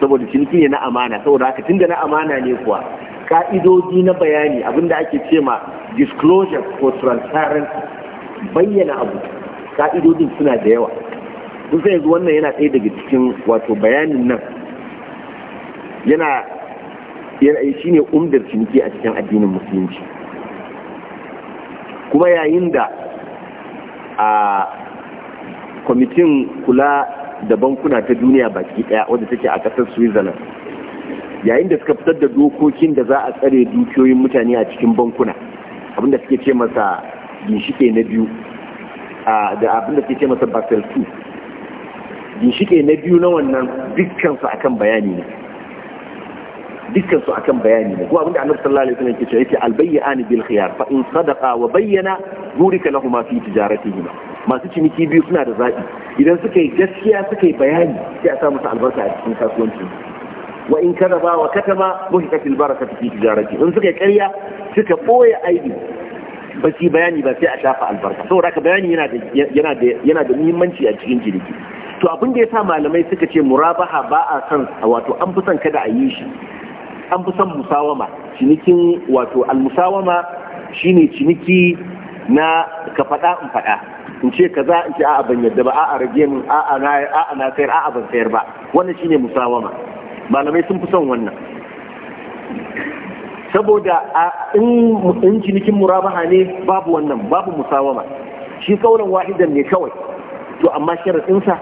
saboda ciniki ne na amana saboda haka tunda na amana ne kuwa ka'idoji na bayani abinda ake ce ma disclosure for transparency bayyana abu ka'idojin suna da yawa kun sai yanzu wannan yana ɗaya daga cikin wato bayanin nan yana shi ne umdar ciniki a cikin addinin musulunci kuma yayin da a kwamitin kula da bankuna ta duniya baki daya wadda take a ƙasar switzerland yayin da suka fitar da dokokin da za a tsare dukiyoyin mutane a cikin bankuna abinda suke ce masa ginshike na biyu da abinda suke ce masa basel 2 ginshike na biyu na wannan dukkansu akan bayani ne dukkansu akan bayani ne ko abinda annabi sallallahu alaihi wasallam ke cewa yake albayyana bil khiyar fa in sadaqa wa bayyana burika lahum fi tijaratihima masu ciniki biyu suna da zabi idan suka yi gaskiya suka yi bayani sai a sa musu albarka a cikin kasuwanci. wa in kadaba wa katama muhikatil barakatu fi tijarati in suka karya suka boye aiki ba su bayani ba sai a shafa albarka saboda haka bayani yana da muhimmanci a cikin jirgi. to abin da yasa malamai suka ce murabaha ba a san wato an fi son kada a yi shi an fi son musawama cinikin wato almusawama shine ciniki na ka faɗa in faɗa in ce kaza in ce a'a ban yadda ba a'a rage min a'a na a'a na sayar a'a ban sayar ba wannan shine musawama malamai sun fi son wannan saboda a in cinikin murabaha ne babu wannan babu musawama shi kaulan wahidan ne kawai to amma sa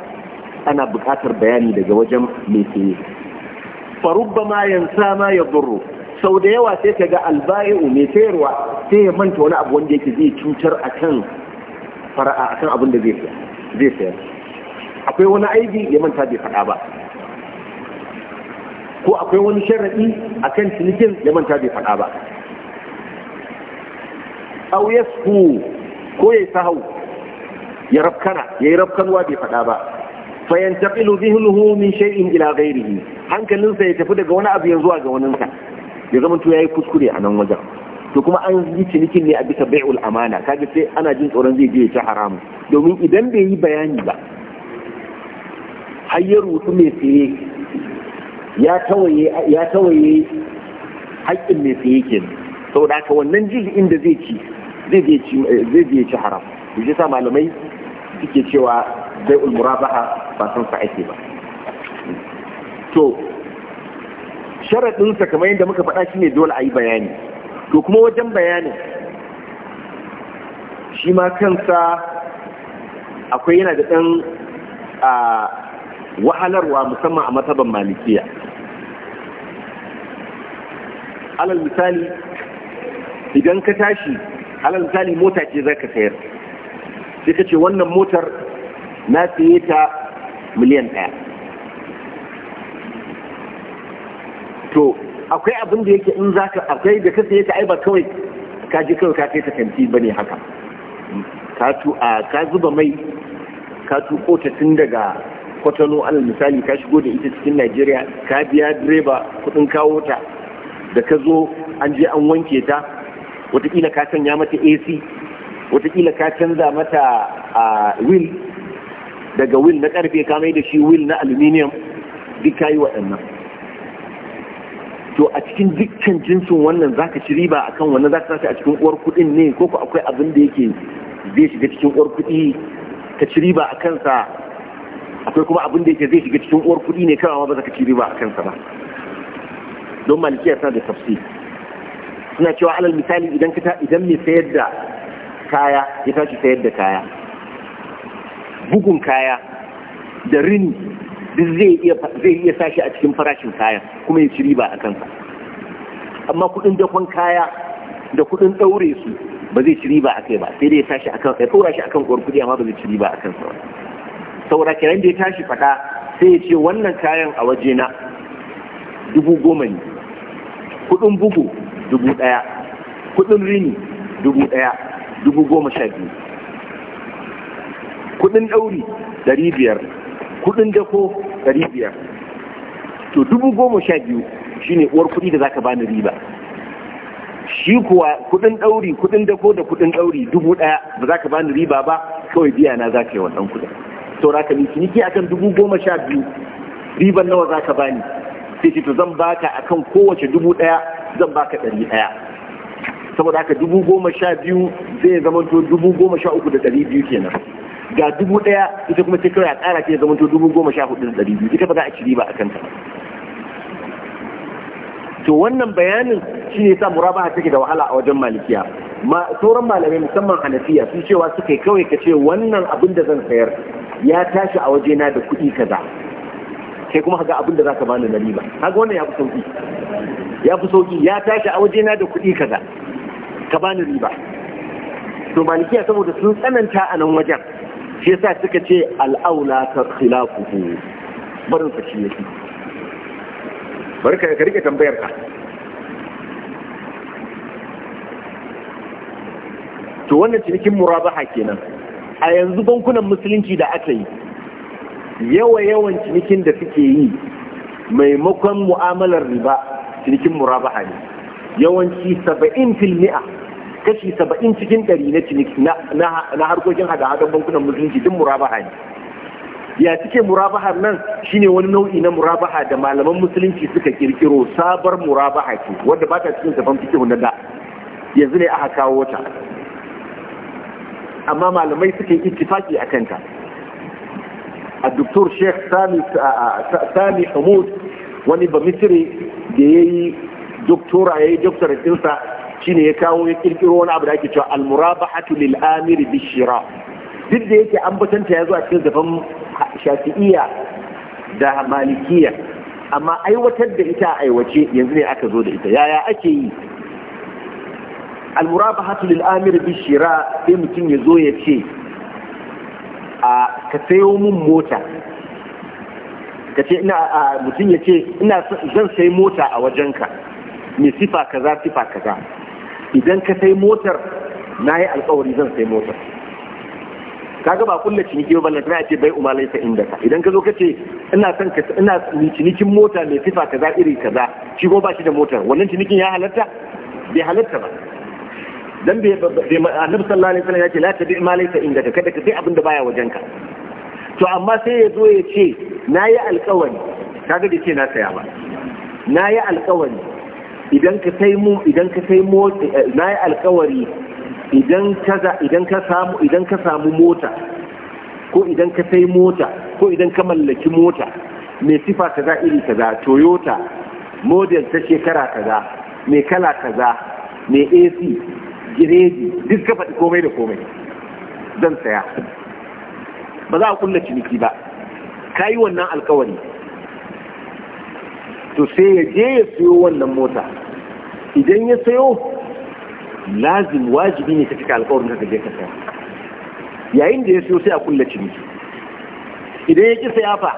ana buƙatar bayani daga wajen mai tsaye. farubba ma yansa ma ya burro sau da yawa sai ka ga albayi'u mai sayarwa sai ya manta wani abu wanda yake zai cutar akan fara'a kan abin da zai sayar akwai wani aibi ya manta bai faɗa ba ko akwai wani sharaɗi a kan cinikin ya manta bai faɗa ba auyesku ko ya sahau ya rafkana ya yi rafkanwa bai faɗa ba fayan taqilu zihnuhu min shay'in ila hankalinsa ya tafi daga wani abu ya zuwa ga waninsa ya zama to yayi kuskure a nan wajen to kuma an yi cinikin ne a bisa bai'ul amana kaga sai ana jin tsoron zai je ya ci haramu domin idan bai yi bayani ba har ya rutu mai saye ya tawaye haƙƙin mai saye kenan saboda wannan juz'in da zai ci zai je ci zai ci haram shi sa malamai suke cewa zai ulmura ba san sa ake ba to sharaɗinsa kamar yadda muka faɗa shi ne dole a yi bayani to kuma wajen bayanin shi ma kansa akwai yana da ɗan wahalarwa musamman a matsaban malikiya alal misali idan ka tashi alal misali mota ce za ka sayar sai ka ce wannan motar na saye ta miliyan ɗaya to akwai abin da yake in zaka, ka akwai da ka saye ta ai ba kawai ka ji kawai ka kai ta kanti ba ne haka ka zuba mai ka tuko ta tun daga kwatano alal misali ka shigo da ita cikin najeriya ka biya direba kuɗin kawo ta da ka zo an je an wanke ta watakila ka ya mata ac watakila ka canza mata a will daga will na karfe ka mai da shi will na aluminium duk kayi waɗannan to a cikin dukkan jinsin wannan zaka ci riba akan wannan zaka sashi a cikin uwar kuɗin ne ko ko akwai abin da yake zai shiga cikin uwar kuɗi ka ci riba a kansa akwai kuma abin da yake zai shiga cikin uwar kuɗi ne kawai ma ba za ka ci riba a kansa ba don malikiyar suna da tafsi, suna cewa alal misali idan ka idan mai sayar da kaya ya tashi sayar da kaya bugun kaya da rini duk zai iya zai iya sashi a cikin farashin kayan kuma ya ci riba a kansa amma kuɗin dakon kaya da kuɗin ɗaure su ba zai ci riba a kai ba sai dai ya tashi akan ya ɗora shi akan uwar kuɗi amma ba zai ci riba a kansa ba saboda kiran da ya tashi faɗa sai ya ce wannan kayan a waje na dubu goma ne kudin bugu dubu daya kudin rini dubu daya dubu goma sha biyu kudin dauri dari biyar kudin dako dari biyar to dubu goma sha biyu shine uwar kudi da zaka bani riba shi kuwa kudin dauri kudin dako da kudin dauri dubu ɗaya ba za ka bani riba ba kawai biya na za ka yi wannan kudin saura ka ciniki akan dubu goma sha biyu riban nawa za ka bani sai ce to zan baka akan kowace dubu ɗaya zan baka ɗari ɗaya saboda haka dubu goma sha biyu zai zama to dubu goma sha uku da ɗari biyu kenan ga dubu ɗaya ita kuma cikin kawai a ƙara zama to dubu goma sha hudu da ɗari biyu ita ba za a ci riba a ta to wannan bayanin shi ne sa murabaha take da wahala a wajen malikiya ma sauran malamai musamman hanafiya su cewa suka kawai ka ce wannan abin da zan sayar ya tashi a wajena da kuɗi kaza sai kuma ga abin da ka bani na riba kaga wannan ya fi sauki ya fi sauki ya tashi a waje na da kuɗi kaza ka bani riba to malikiya saboda sun tsananta a nan wajen shi yasa suka ce al'aula ta khilafuhu barin sa shi yake bari ka rike tambayar ka to wannan cinikin murabaha kenan a yanzu bankunan musulunci da aka yi yawa yawan cinikin da suke yi maimakon mu'amalar riba cinikin murabaha ne yawanci saba'in filmi'a kashi saba'in cikin ɗari na ciniki na harkokin hada-hadar bankunan musulunci duk murabaha ne ya cike murabahar nan shine wani nau'i na murabaha da malaman musulunci suka kirkiro sabar murabaha ce wadda ba ta cikin tafan fikihu na da yanzu ne aka kawo ta amma malamai suka yi ittifaki a kanta A Dr. سامي سامي حمود wani ba da ya yi doktora ya yi doktorar ɗinsa shine ya kawo ya kirkiro wani abu da ake cewa almurabahatu lil amiri bishira duk da yake ambatanta ya zo a cikin shafi'iyya da malikiya amma aiwatar da ita aiwace yanzu ne aka zo da ita yaya ake yi almurabahatu lil amiri bishira sai mutum ya zo ya ce a ka sayo mun mota ka ce ina a mutum ya ce ina zan sai mota a wajenka mai sifa kaza sifa kaza idan ka sai motar na yi alkawari zan sai motar Ka gaba, kulle ciniki ba ballan ya ce bai umarai laisa inda ka idan ka zo ka ce ina son ka ina cinikin mota mai sifa kaza iri kaza shi ko ba shi da motar wannan cinikin ya halatta bai halatta ba dan bai annabi sallallahu alaihi wasallam ya ce la tabi ma laysa indaka kada ka sai abin da baya wajenka to amma sai ya zo ya ce nayi alƙawari kaga da ce na saya ba nayi alƙawari idan ka sai mu idan ka sai mu nayi alƙawari idan ka idan ka samu idan ka samu mota ko idan ka sai mota ko idan ka mallaki mota mai sifa kaza iri kaza toyota model ta shekara kaza mai kala kaza mai ac giredi duk ka faɗi komai da komai zan saya ba za a kulla ciniki ba ka yi wannan alkawari to sai ya je ya siyo wannan mota idan ya sayo lazim wajibi ne ka cika alkawarin ka je ka saya yayin da ya siyo sai a kulla ciniki idan ya ƙi saya fa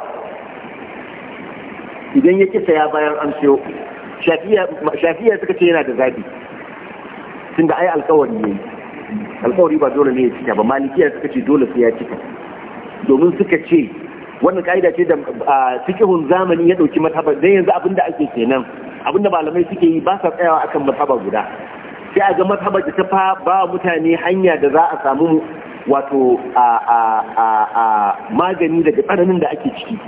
idan ya ƙi saya bayan an siyo shafiya suka ce yana da zabi tun da ai alkawari ne alkawari ba dole ne ya cika ba malikiya suka ce dole sai ya cika domin suka ce wannan ka'ida ce da fikihun zamani ya dauki mataba dan yanzu abinda ake kenan abinda malamai suke yi ba sa tsayawa akan mataba guda sai a ga mataba da ta fa ba mutane hanya da za a samu wato a magani daga tsananin da ake ciki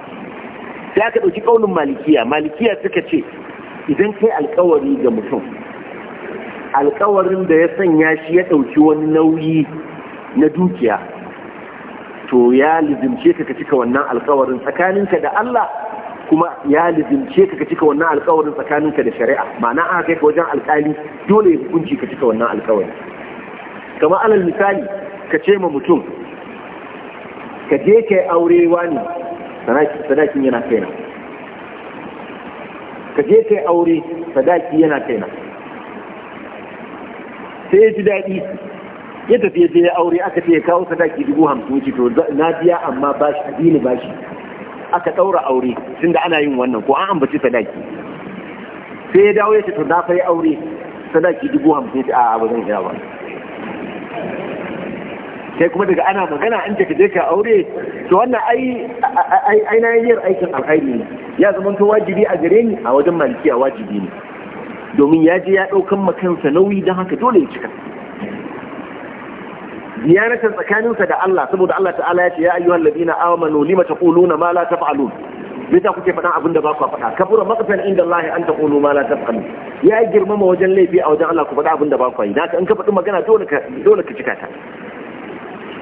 sai aka dauki kaunin malikiya malikiya suka ce idan kai alkawari ga mutum alkawarin da ya sanya shi ya ɗauki wani nauyi na dukiya to ya lizimce ka ka cika wannan alkawarin tsakaninka da Allah kuma ya lizimce ka ka cika wannan alkawarin tsakaninka da shari'a ma'ana aka kai ka wajen alkali dole ya hukunci ka cika wannan alkawari kamar alal misali ka ce ma mutum ka je kai aure wani sadakin yana kaina ka je kai aure sadaki yana kaina sai ya ji daɗi ya tafi ya je ya aure aka ce ya kawo sadaki dubu hamsin wuce to na biya amma bashi addini bashi aka ɗaura aure da ana yin wannan ko an ambaci sadaki sai ya dawo ya ce to na fa aure sadaki dubu hamsin a ba zan ba sai kuma daga ana magana an ka je ka aure to wannan ai ai yin aikin alkhairi ya zama to wajibi a gare ni a wajen malikiya wajibi ne domin ya je ya ɗaukan makansa nauyi don haka dole ya cika ziyaratan tsakaninsa da Allah saboda Allah ta'ala ya ce ya ayyuhal ladina amanu lima taquluna ma la taf'alun me ta kuke faɗan abin da ba ku faɗa kafura maqtan inda Allah an taqulu ma la taf'alu ya yi girmama wajen laifi a wajen Allah ku faɗa abin da ba ku yi naka in ka faɗi magana dole ka dole ka cika ta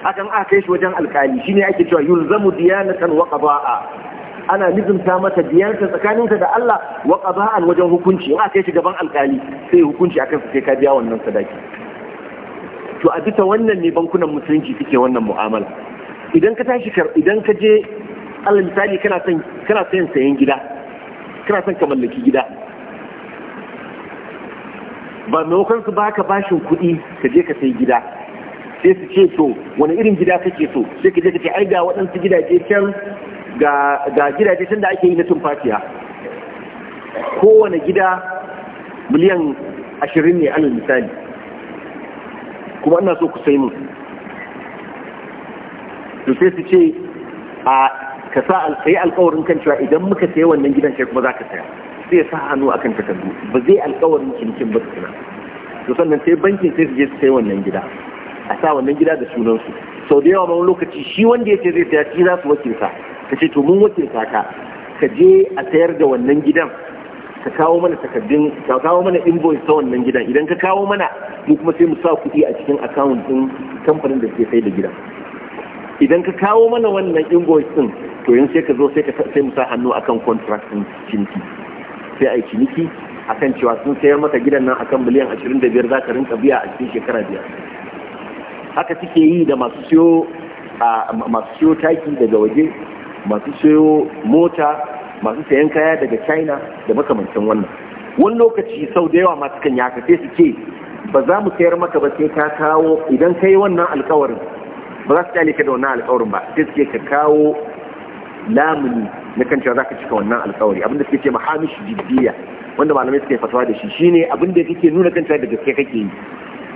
Akan aka kai shi wajen alkali shine ake cewa yulzamu diyanatan wa qada'a ana nizumta mata diyarta tsakaninta da Allah wa qada'an wajen hukunci in aka shi gaban alkali sai hukunci akan su sai ka biya wannan sadaki to a bisa wannan ne bankunan musulunci suke wannan mu'amala idan ka tashi kar idan ka je Allah misali kana son kana son sayan gida kana son ka mallaki gida ba maimakon su baka bashin kuɗi ka je ka sayi gida sai su ce to wani irin gida kake so sai ka je ka ce ai ga waɗansu gidaje can ga gidaje tun da ake yi na tumfatiya kowane gida miliyan ashirin ne alal misali kuma ina so ku sai mu to sai su ce a ka sa alkai alkawarin kan cewa idan muka sayi wannan gidan kai kuma za ka saya sai ya sa hannu a kan takardu ba zai alkawarin cinikin ba tukuna to sannan sai bankin sai su je su sayi wannan gida a sa wannan gida da sunansu sau da yawa ma lokaci shi wanda ya ce zai saya shi za su wakilta ka ce to mun wakilta ka ka je a sayar da wannan gidan ka kawo mana takardun ka kawo mana invoice ta wannan gidan idan ka kawo mana mu kuma sai mu sa kuɗi a cikin account din kamfanin da ke sai da gidan idan ka kawo mana wannan invoice din to yanzu sai ka zo sai ka sai mu sa hannu akan contract din ciniki sai a yi ciniki akan cewa sun sayar maka gidan nan akan miliyan 25 za ka rinka biya a cikin shekara biyar haka suke yi da masu siyo masu siyo taki daga waje masu sayo mota masu sayan kaya daga china da makamancin wannan wani lokaci sau da yawa masu kan yaka sai su ce ba za mu sayar maka ba sai ka kawo idan ka yi wannan alkawarin ba za su kyale ka da wannan alkawarin ba sai su ce ka kawo lamuni na kan cewa za ka cika wannan alkawari abinda suke ce mahamish Jibbiya, wanda malamai suke fatawa da shi shi shine abinda kake nuna kan cewa da gaske kake yi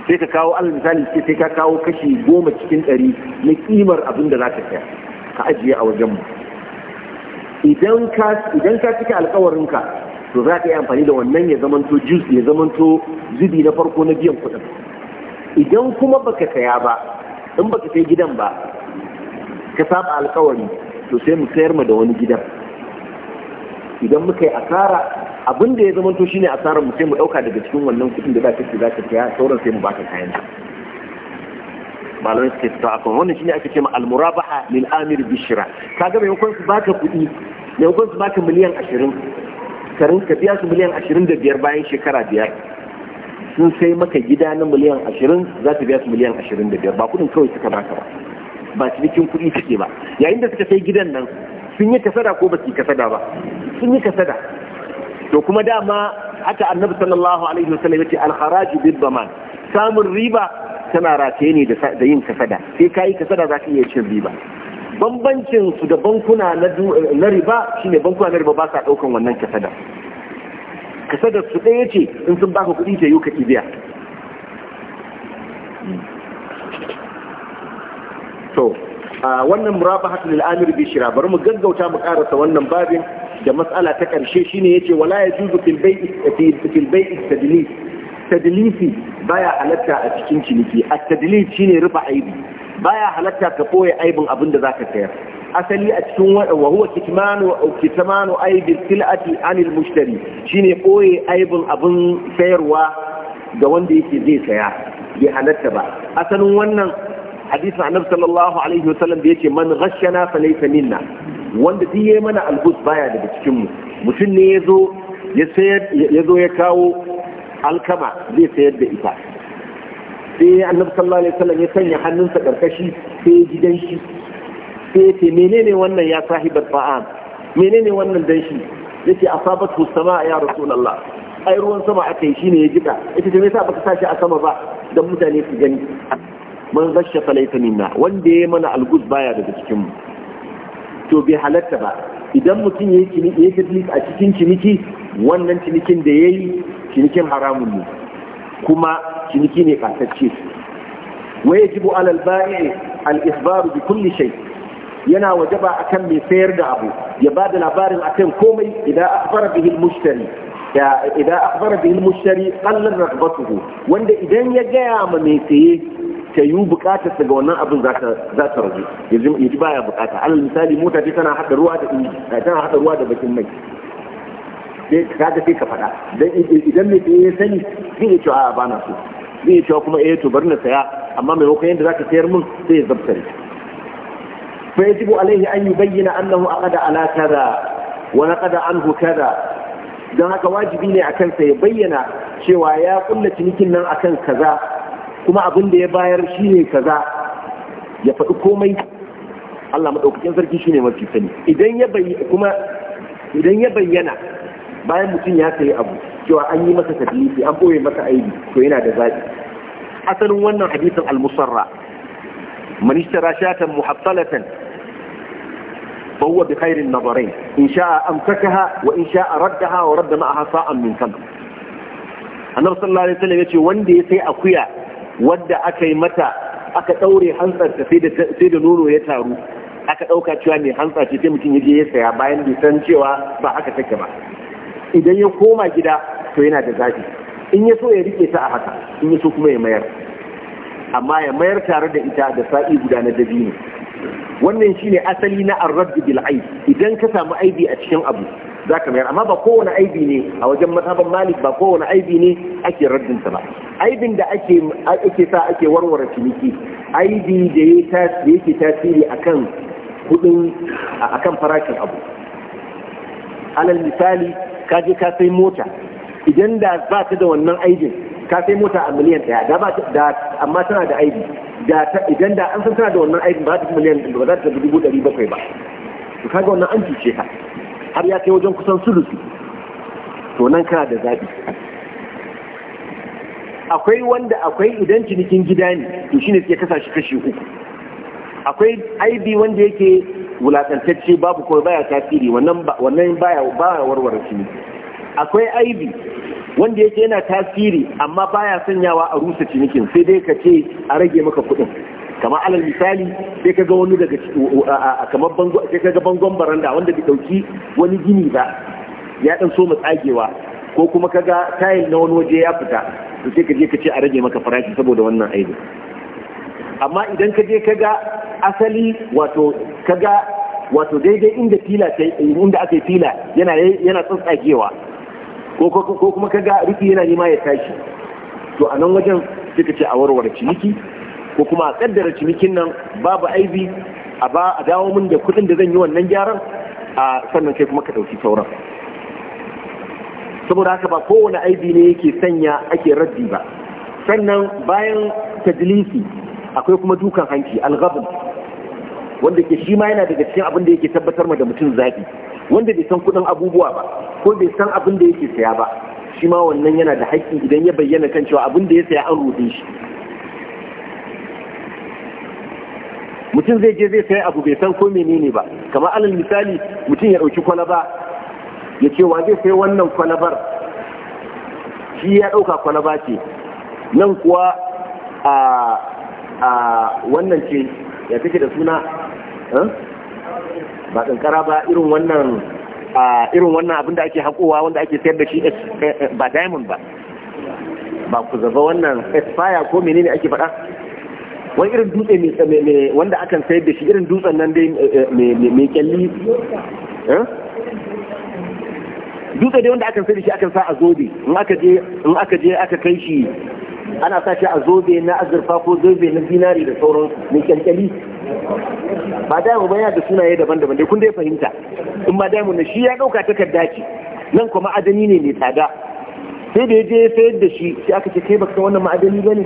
sai ka kawo alal misali sai sai ka kawo kashi goma cikin ɗari na kimar abin da za ka saya ka ajiye a wajen mu idan ka cika ka to za ka yi amfani da wannan ya zamanto jus ya zamanto zubi na farko na biyan kuɗin idan kuma baka kaya ba in baka kai gidan ba ka saba alkawari to sai mu sayar mu da wani gidan idan muka yi asara abin da ya zamanto shine asarar mu sai mu ɗauka daga cikin wannan kuɗin da za ka za ka sauran sai mu baka kayan malamai suke fito akan wannan shine ake cewa al-murabaha lil amir Bishira. kaga maimakon su baka kuɗi maimakon su baka miliyan ashirin, karin ka biya su miliyan ashirin da biyar bayan shekara biyar sun sai maka gida na miliyan ashirin za ta biya su miliyan ashirin da biyar. ba kuɗin kawai suka baka ba ba cikin kuɗi suke ba yayin da suka sai gidan nan sun yi kasada ko ba su yi kasada ba sun yi kasada to kuma dama haka annabi sallallahu alaihi wasallam yace al-kharaj bil samun riba tana rataye ne da yin kasada sai ka yi kasada za ka iya cin riba bambancin su da bankuna na riba shine bankuna na riba ba sa daukan wannan kasada kasada su ɗaya ce in sun baka kuɗi ta yi ka biya to wannan muraba hatu amir bishira bari mu gaggauta mu karasa wannan babin da matsala ta ƙarshe shine yace wala yajuzu fil bai'i fil bai'i tadlis tadlisi baya halatta a cikin ciniki at shi shine rufe aibi baya halatta ka boye aibin abin da za ka sayar asali a cikin wa huwa kitmanu kitmanu aibi silati anil mushtari shine boye aibin abin sayarwa ga wanda yake zai saya bai halatta ba asalin wannan hadisin annabi sallallahu alaihi wasallam da yake man ghashana falaysa minna wanda duk yayi mana albus baya daga cikin mu mutum ne yazo ya sayar yazo ya kawo alkama zai sayar da ita sai annabi sallallahu alaihi wasallam ya sanya hannunsa karkashi sai gidan shi sai ce menene wannan ya sahibar fa'am menene wannan danshi yace asabat husama ya rasulullah ai ruwan sama aka yi shine ya jika ita ce me yasa baka sashi a sama ba dan mutane su gani man zashsha falaita minna wanda ya mana alguz baya daga cikin mu to bai halatta ba idan mutum ya yi ciniki a cikin ciniki wannan cinikin da ya yi cinikin haramun ne kuma ciniki ne kasance kasacce wajibu alal bai'i al ikhbaru bi kulli shay yana wajaba akan mai sayar da abu ya ba da labarin akan komai idan akhbara bihi al mushtari idan akhbara bihi al mushtari qallan raghbatuhu wanda idan ya gaya ma mai saye ta yi bukatar daga wannan abin za ta rage ya baya bukata alal misali mota ce tana hada ruwa da inji tana hada ruwa da bakin mai ka ga sai ka faɗa dan idan mai ya sani zai yi cewa ba na so zai cewa kuma eh, to bari na saya amma maimakon yadda zaka sayar mun sai ya zabtare fa yajibu alaihi an yubayyana annahu aqada ala kaza wa naqada anhu kaza dan haka wajibi ne akan sa ya bayyana cewa ya kulla cinikin nan akan kaza kuma abin da ya bayar shine kaza ya faɗi komai Allah maɗaukakin sarki shine mafi sani idan ya bayyana kuma idan ya bayyana bayan mutum ya sayi abu cewa an yi masa tadlisi an boye masa aibi to yana da zaɓi asalin wannan hadisin al-musarra man ishtara shatan muhattalatan fa huwa bi khairin nadarain in sha'a amsakaha wa in sha'a raddaha wa radda ma'aha sa'an min tamr annabi sallallahu alaihi wasallam yace wanda ya sai akuya wadda aka yi mata aka daure hantsarta sai da sai da nono ya taru aka dauka cewa mai hantsa ce sai mutum ya je ya saya bayan bai san cewa ba haka take ba idan ya koma gida to yana da zafi in ya so ya rike ta a haka in ya so kuma ya mayar amma ya mayar tare da ita da sa'i guda na ne. wannan shine asali na arrabi bil aib idan ka samu aibi a cikin abu zaka mayar amma ba kowane aibi ne a wajen mazhaban malik ba kowane aibi ne ake raddin sa ba aibin da ake ake sa ake warware ciniki aibi da yake tasiri akan kudin akan farashin abu alal misali ka je ka sai mota idan da ba ta da wannan aibin ka sai mota a miliyan ɗaya da ba da amma tana da aibi da idan da an san tana da wannan aibin ba ta miliyan ba za ta dubu ɗari bakwai ba to kaga wannan an cuce ka har ya kai wajen kusan sulusu to nan kana da zaɓi akwai wanda akwai idan cinikin gida ne to shine suke kasa shi kashi uku akwai aibi wanda yake wulatantacce babu ko baya tasiri wannan baya baya warware shi akwai aibi wanda yake yana tasiri amma baya sanyawa a rusa cinikin sai dai ka ce a rage maka kuɗin kamar alal misali sai ka ga wani daga kamar bangon baranda wanda bai dauki wani gini ba ya dan so matsagewa ko kuma kaga ga tayil na wani waje ya fita to sai ka je ka ce a rage maka farashi saboda wannan aibi amma idan ka je ka ga asali wato kaga wato daidai inda fila inda aka yi fila yana yana tsatsagewa ko kuma kaga rufi yana nema ya tashi to a nan wajen suka ce a warware ciniki ko kuma a kaddara cinikin nan babu aibi a ba a dawo min da kuɗin da zan yi wannan gyaran a sannan sai kuma ka ɗauki sauran saboda haka ba kowane aibi ne yake sanya ake raddi ba sannan bayan tajlisi akwai kuma dukan hanci alghabn wanda ke shi ma yana daga cikin abin da yake tabbatar ma da mutum zaki, wanda bai san kuɗin abubuwa ba ko bai san abin da yake saya ba shi ma wannan yana da haƙƙi idan ya bayyana kan cewa abin da ya saya an ruɗe shi mutum zai je zai sayi abu bai san ko menene ba kamar alal misali mutum ya ɗauki kwalaba ya ce wa zai sayi wannan kwalabar shi ya ɗauka kwalaba ce nan kuwa a wannan ce ya take da suna ba kankara ba irin wannan irin wannan abin da ake haƙowa wanda ake sayar da shi eh, eh, ba diamond ba ba ku zaba wannan expire ko menene ake faɗa wani irin dutse mai wanda akan sayar da shi irin dutsen nan dai eh, mai kyalli dutse dai wanda akan sayar da shi akan sa a zobe in aka je aka kai shi ana sa shi a zobe na azurfa ko zobe na zinari da sauran mai kyalkyali ba diamond ba yana da sunaye daban-daban dai kun dai fahimta in ma na shi ya dauka takarda ce nan kuma ma'adani ne mai tsada sai da ya je ya sayar da shi sai aka ce kai baka wannan ma'adani bane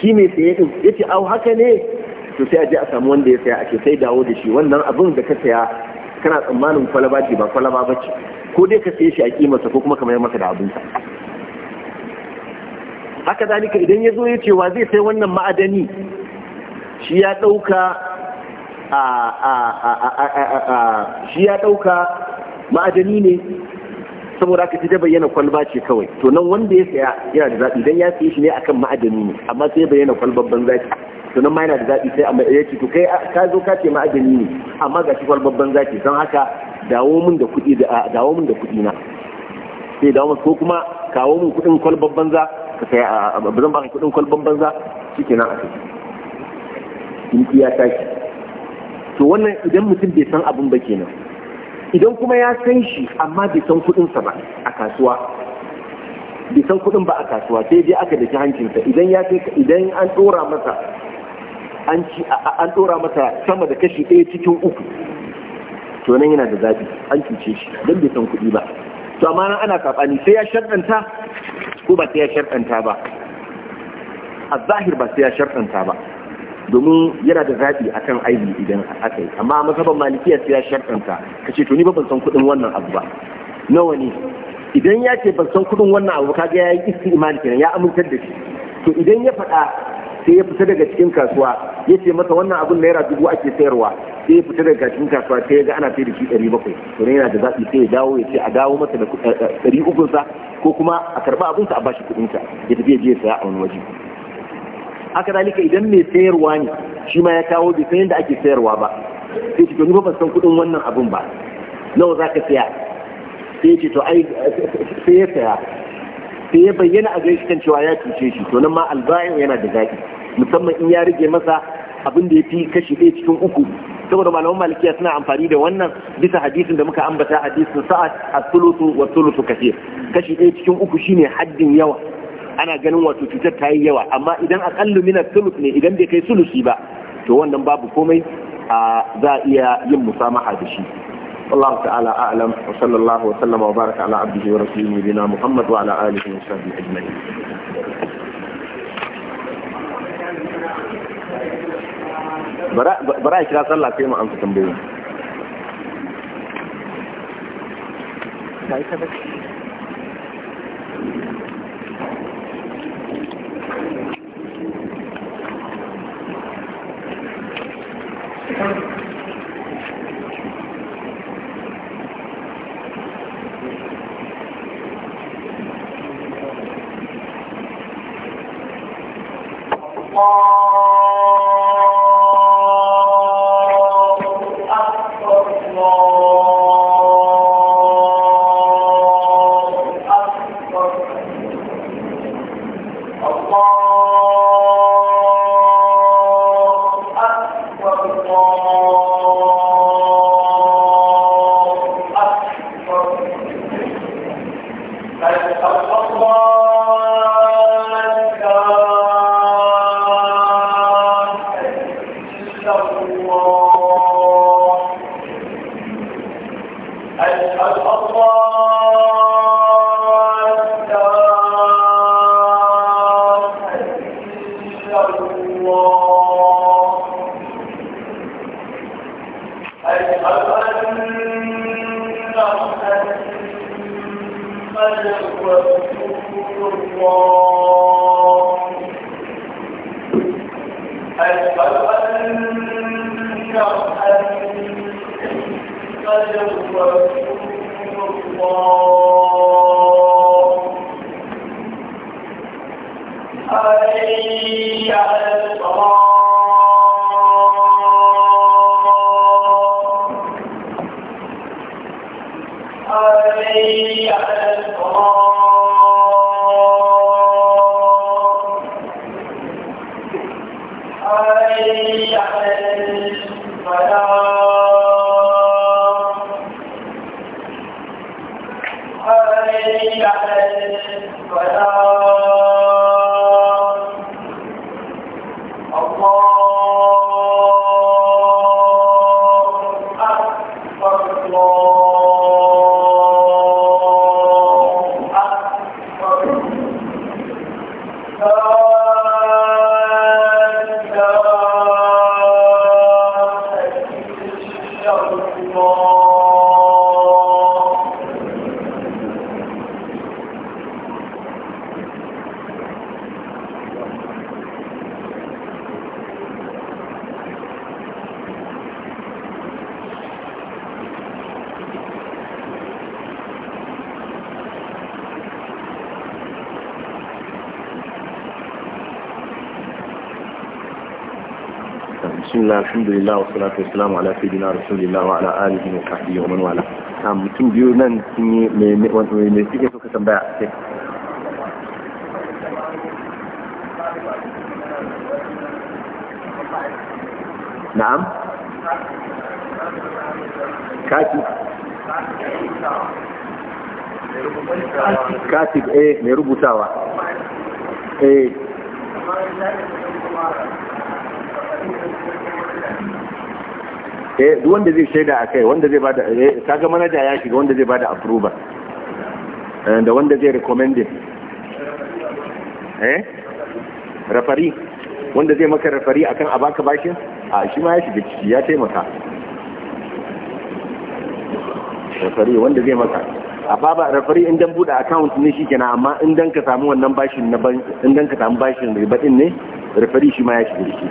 shi mai saye din yace au haka ne to sai a je a samu wanda ya saya a ce sai dawo da shi wannan abin da ka saya kana tsammanin kwalaba ce ba kwalaba ba ko dai ka saye shi a kimarsa ko kuma ka mayar masa da abinsa haka zalika idan ya zo ya ce wa zai sai wannan ma'adani shi ya ɗauka shi ya ɗauka ma'adani ne saboda haka ta bayyana kwalba ce kawai to nan wanda ya saya yana da zaɓi idan ya saye shi ne akan ma'adani ne amma sai bayyana kwalbar banza ce to nan ma yana da zaɓi sai amma ya ce to kai ka zo ka ce ma'adani ne amma ga shi kwalbar banza ce don haka dawo mun da kuɗi da dawo mun da kuɗi na sai dawo ko kuma kawo mun kuɗin kwalbar banza ka sai a ba zan baka kudin kwalban banza nan a kai ciniki ya tashi to wannan idan mutum bai san abin ba kenan idan kuma ya san shi amma bai san sa ba a kasuwa bai san kudin ba a kasuwa sai dai aka daki hancinsa idan ya kai idan an dora masa an ci an dora masa sama da kashi ɗaya cikin uku to nan yana da zafi an cuce shi dan bai san kudi ba to amma nan ana sabani sai ya sharɗanta ko ba sai ya sharɗanta ba a zahir ba sai ya sharɗanta ba domin yana da zaɓi a kan aibi idan aka yi amma mazhaban malikiya sai ya sharɗanta ka ce to ni ba ban san kuɗin wannan abu ba nawa ne idan ya ce ban san kuɗin wannan abu kaga ya yi istimali kenan ya amintar da shi to idan ya faɗa sai ya fita daga cikin kasuwa ya ce masa wannan abin naira dubu ake sayarwa sai ya fita daga cikin kasuwa sai ya ga ana sai da shi ɗari bakwai to yana da zaɓi sai ya dawo ya ce a dawo masa da eh, eh, ɗari ukunsa ko kuma a karɓa abinsa a bashi kuɗinsa ya tafi ya je ya saya a wani waje haka dalika idan mai sayarwa ne shi ma ya kawo bai san yadda ake sayarwa ba sai ce to ni ba san kuɗin wannan abin ba nawa za ka saya sai ce to ai eh, sai ya saya sai ya bayyana a gaishe kan cewa ya cuce shi to nan ma alba'in yana da zaki musamman in ya rage masa abin da ya fi kashi ɗaya cikin uku saboda malaman malikiya suna amfani da wannan bisa hadisin da muka ambata hadisin sa'ad as-sulusu wa sulusu kashi kashi ɗaya cikin uku shine haddin yawa ana ganin wato cutar ta yi yawa amma idan aƙallu mina sulus ne idan bai kai sulusi ba to wannan babu komai za a iya yin musamaha da shi والله تعالى أعلم وصلى الله وسلم وبارك على عبده ورسوله نبينا محمد وعلى آله وصحبه أجمعين برأيك لا صلى sallah sai أنت تنبيه Thank you. الله والصلاة والسلام على سيدنا رسول الله وعلى آله وصحبه ومن والاه am mutum biyu nan sun yi mai suke suka tambaya sai na'am kati kati eh mai rubutawa eh eh duk wanda zai shaida a kai wanda zai bada eh, kaga manaja ya shiga wanda zai bada approval eh, da wanda zai recommending eh rafari wanda zai maka rafari akan a baka bashin a shi ma ya shiga ciki ya taimaka rafari wanda zai maka a baba rafari in dan bude account ne shikenan amma in dan ka samu wannan bashin na ban in dan ka samu bashin riba ne rafari shi ma ya shiga ciki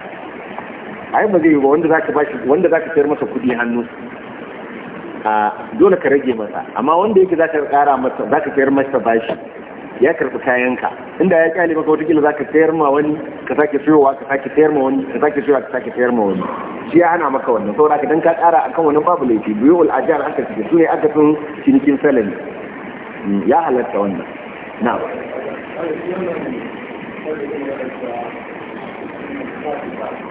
Ayi ba zai yi ba wanda zaka bashi wanda zaka sayar masa kuɗi hannu a dole ka rage masa amma wanda yake zaka kara masa zaka sayar masa bashi ya karbi kayanka inda ya kyale maka watakila zaka sayar ma wani ka sake sayowa ka sake sayar ma wani ka sake sayowa ka sake sayar ma wani shi ya hana maka wannan saboda ka dan ka kara akan wannan babu laifi biyu ul ajar aka ce sune aka tun cinikin salami hmm, ya halatta wannan na Thank you.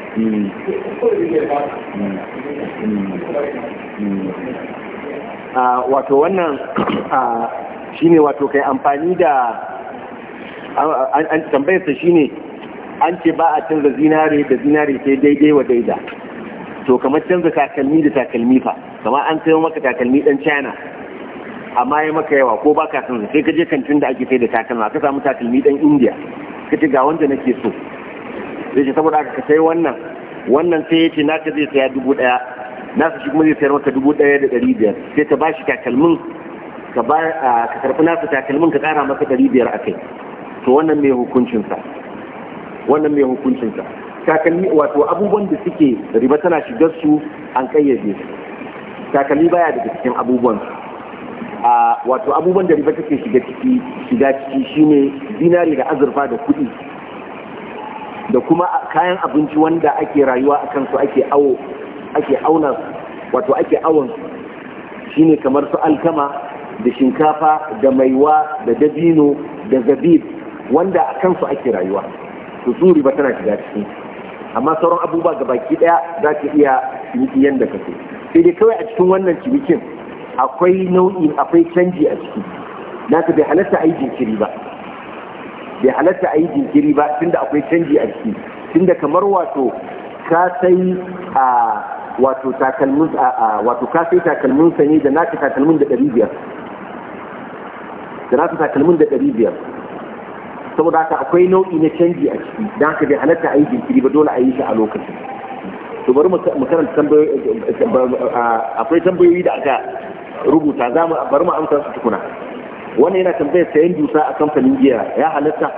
wato wannan shi ne wato kai amfani da an tambayarsa ne, an ce ba a canza zinare da zinare sai daidai wa daida to kamar canza takalmi da takalmi fa kama an sayo maka takalmi dan china amma ya maka yawa ko ba ka canza, sai ka je kantin da ake sai da takalma ka samu takalmi dan india ka ce ga wanda nake so zai ce saboda ka sai wannan wannan sai ya ce naka zai saya dubu ɗaya nasa shi kuma zai sayar maka dubu ɗaya da ɗari biyar sai ta bashi takalmin ka ba ka karɓi nasa takalmin ka kara masa ɗari biyar a kai to wannan mai hukuncinsa wannan mai hukuncinsa takalmi wato abubuwan da suke riba tana shigar su an kayyade su takalmi baya daga cikin abubuwan a wato abubuwan da riba take shiga ciki shiga ciki shine dinari da azurfa da kuɗi da kuma kayan abinci wanda ake rayuwa a kansu ake ake auna wato ake awon shine kamar su alkama da shinkafa da maiwa da dabino da zabib wanda a kansu ake rayuwa su tsuri ba tana shiga cikin amma sauran abubuwa ga baki daya za ka iya ciniki da ka so sai dai kawai a cikin wannan cinikin akwai nau'in akwai canji a ciki na ka bai halatta a jinkiri ba bai halatta a yi jinkiri ba tunda akwai canji a ciki tunda kamar wato ka sai a wato takalmin a wato ka sai takalmin sa da naka takalmin da 500 da naka takalmin da 500 saboda haka akwai nau'i na canji a ciki don haka bai halatta a yi jinkiri ba dole a yi shi a lokacin to bari mu karanta tambayoyi eh, eh, akwai tambayoyi da aka rubuta za mu bari mu amsa su tukuna wani yana tambayar sayan dusa a kamfanin giya ya halatta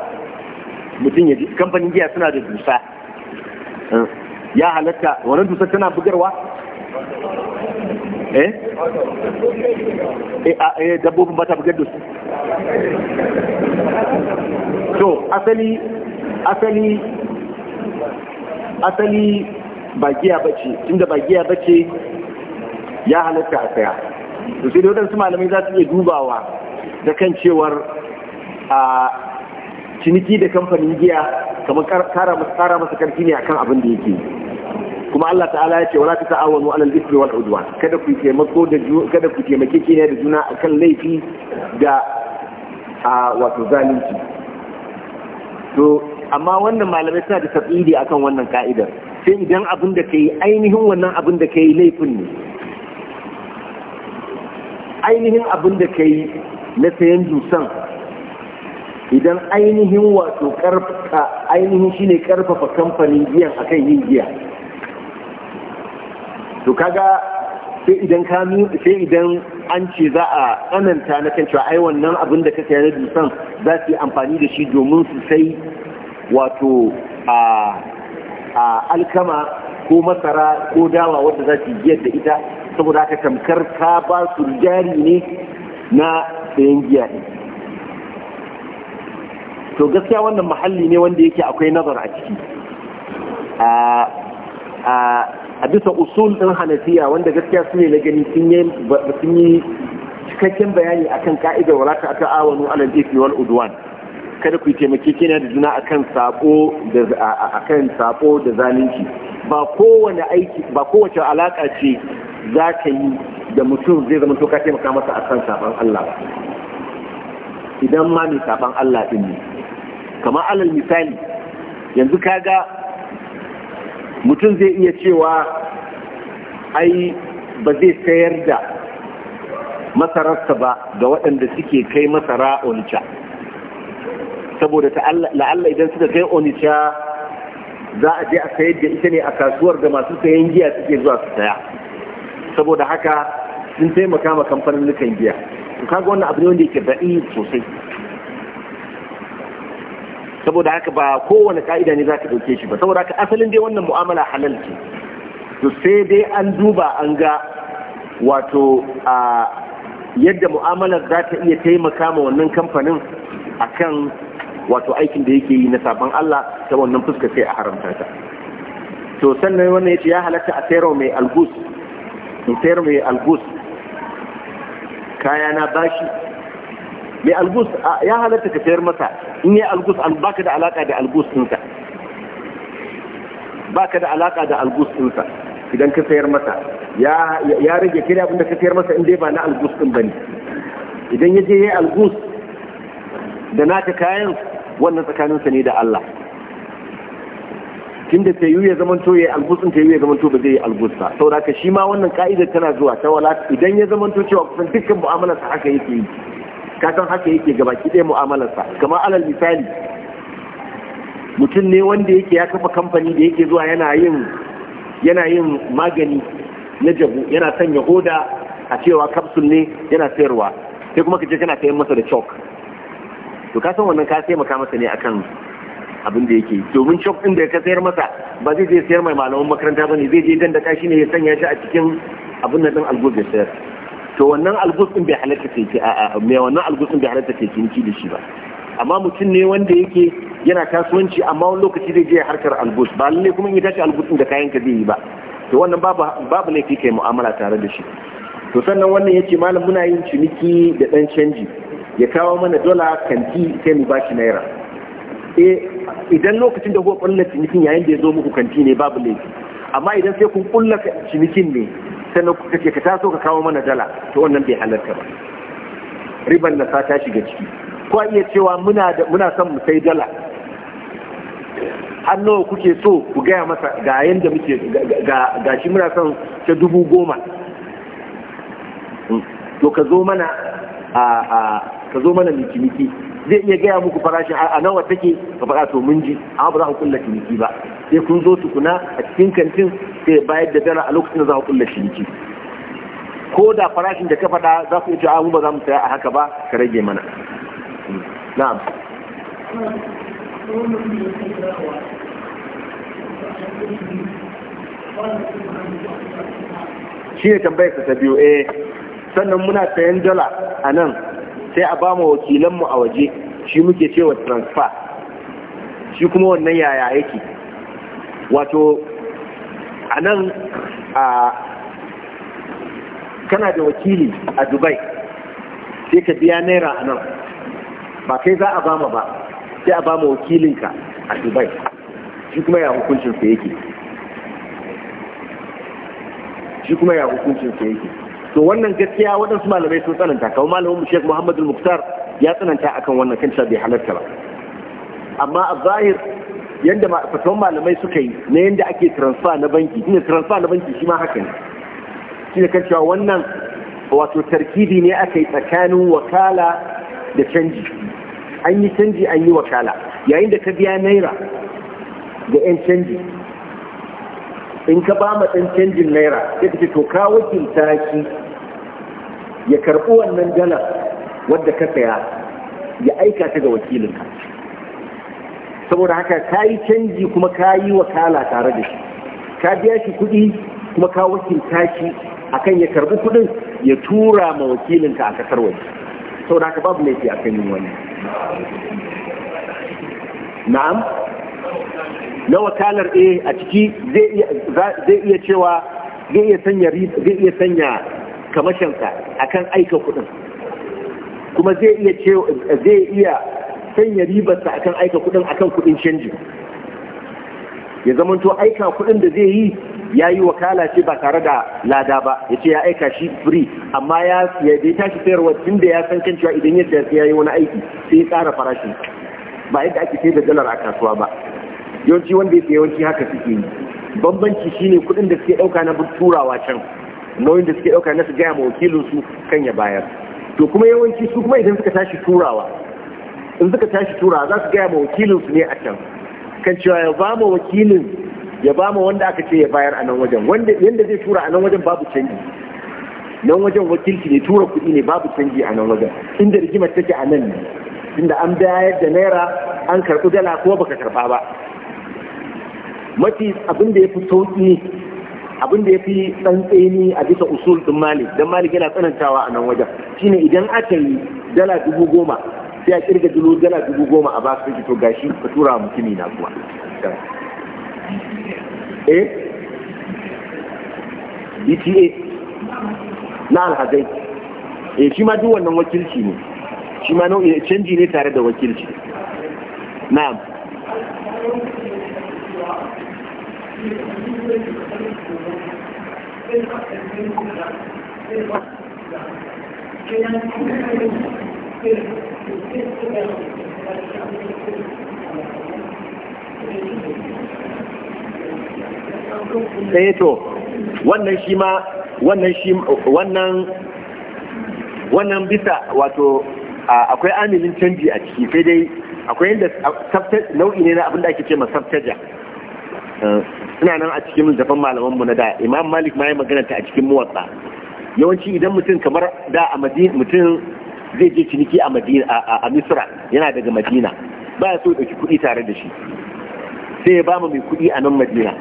mutum ya kamfanin giya suna da dusa eh, ya halatta wannan dusa tana bugarwa eh eh, ah, eh dabbobin ba ta bugar da su to asali asali asali ba giya bace da ba giya bace ya halatta a saya to sai da wadansu malamai za su iya dubawa da kan cewar a ciniki da kamfanin giya kamar kara masa karfi ne akan abin da yake kuma Allah ta'ala ya ce wala ta ta'awanu alal ismi wal udwan kada ku taimako da kada ku taimake kine da juna akan laifi da a wato zalunci to amma wannan malamai suna da tafsiri akan wannan ka'idar sai idan abin da kai ainihin wannan abin da kai laifin ne ainihin abin da kai na sayan dusan idan ainihin wato karfa ainihin shine karfafa kamfanin giyan akan yin giya to kaga sai idan ka sai idan an ce za a tsananta na kan cewa ai wannan abin da ka saya na dusan za su yi amfani da shi domin su sai wato a alkama ko masara ko dawa wadda za su yi da ita saboda haka tamkar ka ba su jari ne na sayan giya ɗin to gaskiya wannan muhalli ne wanda yake akwai nazar a ciki a bisa usul ɗin hanafiya wanda gaskiya su ne na gani sun yi cikakken bayani akan ka'idar walaka ta ta awanu alal wal udwan kada ku taimake kina da juna akan sabo da akan sabo da zalunci ba kowane aiki ba kowace alaka ce za ka yi da mutum zai zama to ka taimaka masa akan saban Allah idan ma mai saban Allah ɗin ne kamar alal misali yanzu kaga mutum zai iya cewa ai ba zai sayar da masararsa ba ga waɗanda suke kai masara onica saboda la'alla idan suka kai onica za a je a sayar da ita ne a kasuwar da masu sayan giya suke zuwa su saya saboda haka sun taimaka ma kamfanin giya kaga wannan abu ne wanda yake da'i sosai saboda haka ba kowane ka'ida ne za ka ɗauke shi ba saboda haka asalin dai wannan mu'amala halal ce to sai dai an duba an ga wato a yadda mu'amalar za ta iya taimaka ma wannan kamfanin akan wato aikin da yake yi na sabon Allah ta wannan fuska sai a haramta ta to sannan wannan ce ya halatta a sayarwa mai algus mai algus kaya na bashi mai algus ya halatta ka sayar masa in yi algus baka da alaka da algus ɗinsa baka da alaka da algus ɗinsa idan ka sayar masa ya rage kiri abinda ka sayar masa in dai ba na algus ɗin ba idan ya je ya yi algus da naka kayan wannan tsakaninsa ne da Allah tunda ta yi ya zamanto ya albusun ta yi ya zamanto ba zai yi algus ba saboda ka shi ma wannan ka'idar tana zuwa ta wala idan ya zamanto cewa kusan dukkan mu'amalarsa haka yake yi ka san haka yake gabaki ɗaya mu'amalarsa kamar alal misali mutum ne wanda yake ya kafa kamfani da yake zuwa yana yin yana yin magani na jabu yana sanya hoda a cewa kapsul ne yana sayarwa sai kuma ka je kana sayan masa da chalk to ka san wannan ka taimaka masa ne akan abin da yake domin shop din da ka sayar masa ba zai je sayar mai malaman makaranta bane zai je da kashi ne ya sanya shi a cikin abin nan din algo da sayar to wannan algo din bai halatta sai ki a me wannan algo din bai halatta sai ki da shi ba amma mutum ne wanda yake yana kasuwanci amma wani lokaci zai je harkar algo ba lalle kuma in ya tashi algo din da kayan ka zai yi ba to wannan babu babu laifi kai mu'amala tare da shi to sannan wannan yace malam muna yin ciniki da dan canji ya kawo mana dola kanti sai mu bashi naira Eh, idan lokacin da kuka kulla cinikin yayin da ya zo muku kanti ne babu laifi amma idan sai kun kulla cinikin ne sannan kuka ce ka taso ka kawo mana dala to wannan bai halarta ba riban na ta shiga ciki ko iya cewa muna da muna son mu sai dala har nawa kuke so ku gaya masa ga yanda muke ga shi muna son ta dubu goma hmm. to ka zo mana a ka zo mana mikiniki zai iya gaya muku farashin a nawa take ka faɗa to mun ji amma ba za ku kulla ciniki ba sai kun zo tukuna a cikin kantin sai bayar da dara a lokacin da za ku kulla ciniki ko da farashin da ka faɗa za ku iya cewa mu ba za mu saya a haka ba ka rage mana na'am shi ne tambayar ta biyu eh sannan muna sayan dala a nan sai a ba mu wakilanmu a waje shi muke cewa transfer shi kuma wannan yaya yake wato a nan a kana da wakili a dubai sai ka biya naira a nan ba kai za a bama ba sai a bama wakilinka a dubai shi kuma ya hukuncinsa yake shi kuma ya hukuncinsa yake to wannan gaskiya waɗansu malamai sun tsananta kawo malamin mu Sheikh muktar al ya tsananta akan wannan kan bai halarta ba amma a zahir yadda fatan malamai suka yi na yadda ake transfer na banki shine transfer na banki shi ma haka ne shine kan cewa wannan wato tarkibi ne aka yi tsakanin wakala da canji an yi canji an yi wakala yayin da ka biya naira ga 'yan canji in ka ba ma ɗan canjin naira sai ka ce to ka wakilta shi ya karɓi wannan dala wadda ka saya ya aika ta ga wakilinka saboda haka ka yi canji kuma ka yi wakala tare da shi ka biya shi kuɗi kuma ka wakilta shi akan ya karɓi kuɗin ya tura ma wakilinka a kasar waje saboda haka babu laifi a kan yin wani na'am na wakalar a a ciki zai iya cewa zai iya sanya kamashinsa akan aika kuɗin kuma zai iya zai iya sanya ribarsa akan aika kuɗin akan kuɗin canji ya zamanto aika kuɗin da zai yi ya yi wakala ce ba tare da lada ba ya ce ya aika shi free amma ya ya tashi sayarwa tun da ya san kan cewa idan ya sayar ya yi wani aiki sai ya tsara farashi ba yadda ake sayar da dalar a kasuwa ba yawanci wanda ya yawanci haka suke yi bambanci shine kuɗin da suke ɗauka na turawa can nauyin da suke ɗauka na su gaya ma su kan ya bayar to kuma yawanci su kuma idan suka tashi turawa in suka tashi turawa za su gaya ma su ne a can kan cewa ya ba ma wakilin ya ba ma wanda aka ce ya bayar a nan wajen wanda yanda zai tura a nan wajen babu canji nan wajen wakilci ne tura kuɗi ne babu canji a nan wajen inda rigimar take a nan ne inda an bayar da naira an karɓi dala ko baka karɓa ba mafi abin da ya fi sauƙi abin da ya fi tsantseni a bisa usul din malik don malik yana tsanantawa a nan wajen shine idan aka yi dala dubu goma sai a kirga dulo dala dubu goma a basu su to gashi ka tura mutumi na kuma eh bta na alhazai eh shi ma duk wannan wakilci ne shi ma nau'in canji ne tare da wakilci na'am sai eh to wannan shi ma wannan shi wannan wannan bisa wato akwai amilin canji a ciki sai dai akwai yadda nau'i ne na abin da ake ce ma sabtaja suna nan a cikin littafin malaman mu na da imam malik ma ya magana ta a cikin muwatsa yawanci idan mutum kamar da a madina mutum zai je ciniki a madina a misra yana daga madina ba ya so ya ɗauki kuɗi tare da shi sai ya ba mu mai kuɗi a nan madina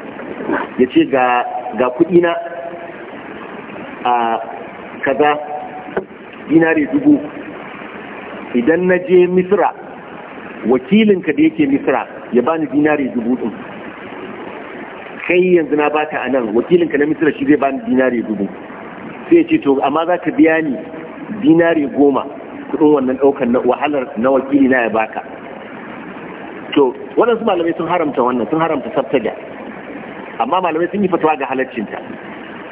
ya ce ga ga kuɗi na a kaza dinari dubu idan na je misra wakilinka da yake misra ya bani dinari dubu din kai yanzu na baka a nan wakilin ka na misira shi zai bani dinari dubu sai ya ce to amma za ka biya ni dinari goma kudin wannan ɗaukar wahalar na wakili na ya baka to waɗansu malamai sun haramta wannan sun haramta da amma malamai sun yi fatawa ga halaccinta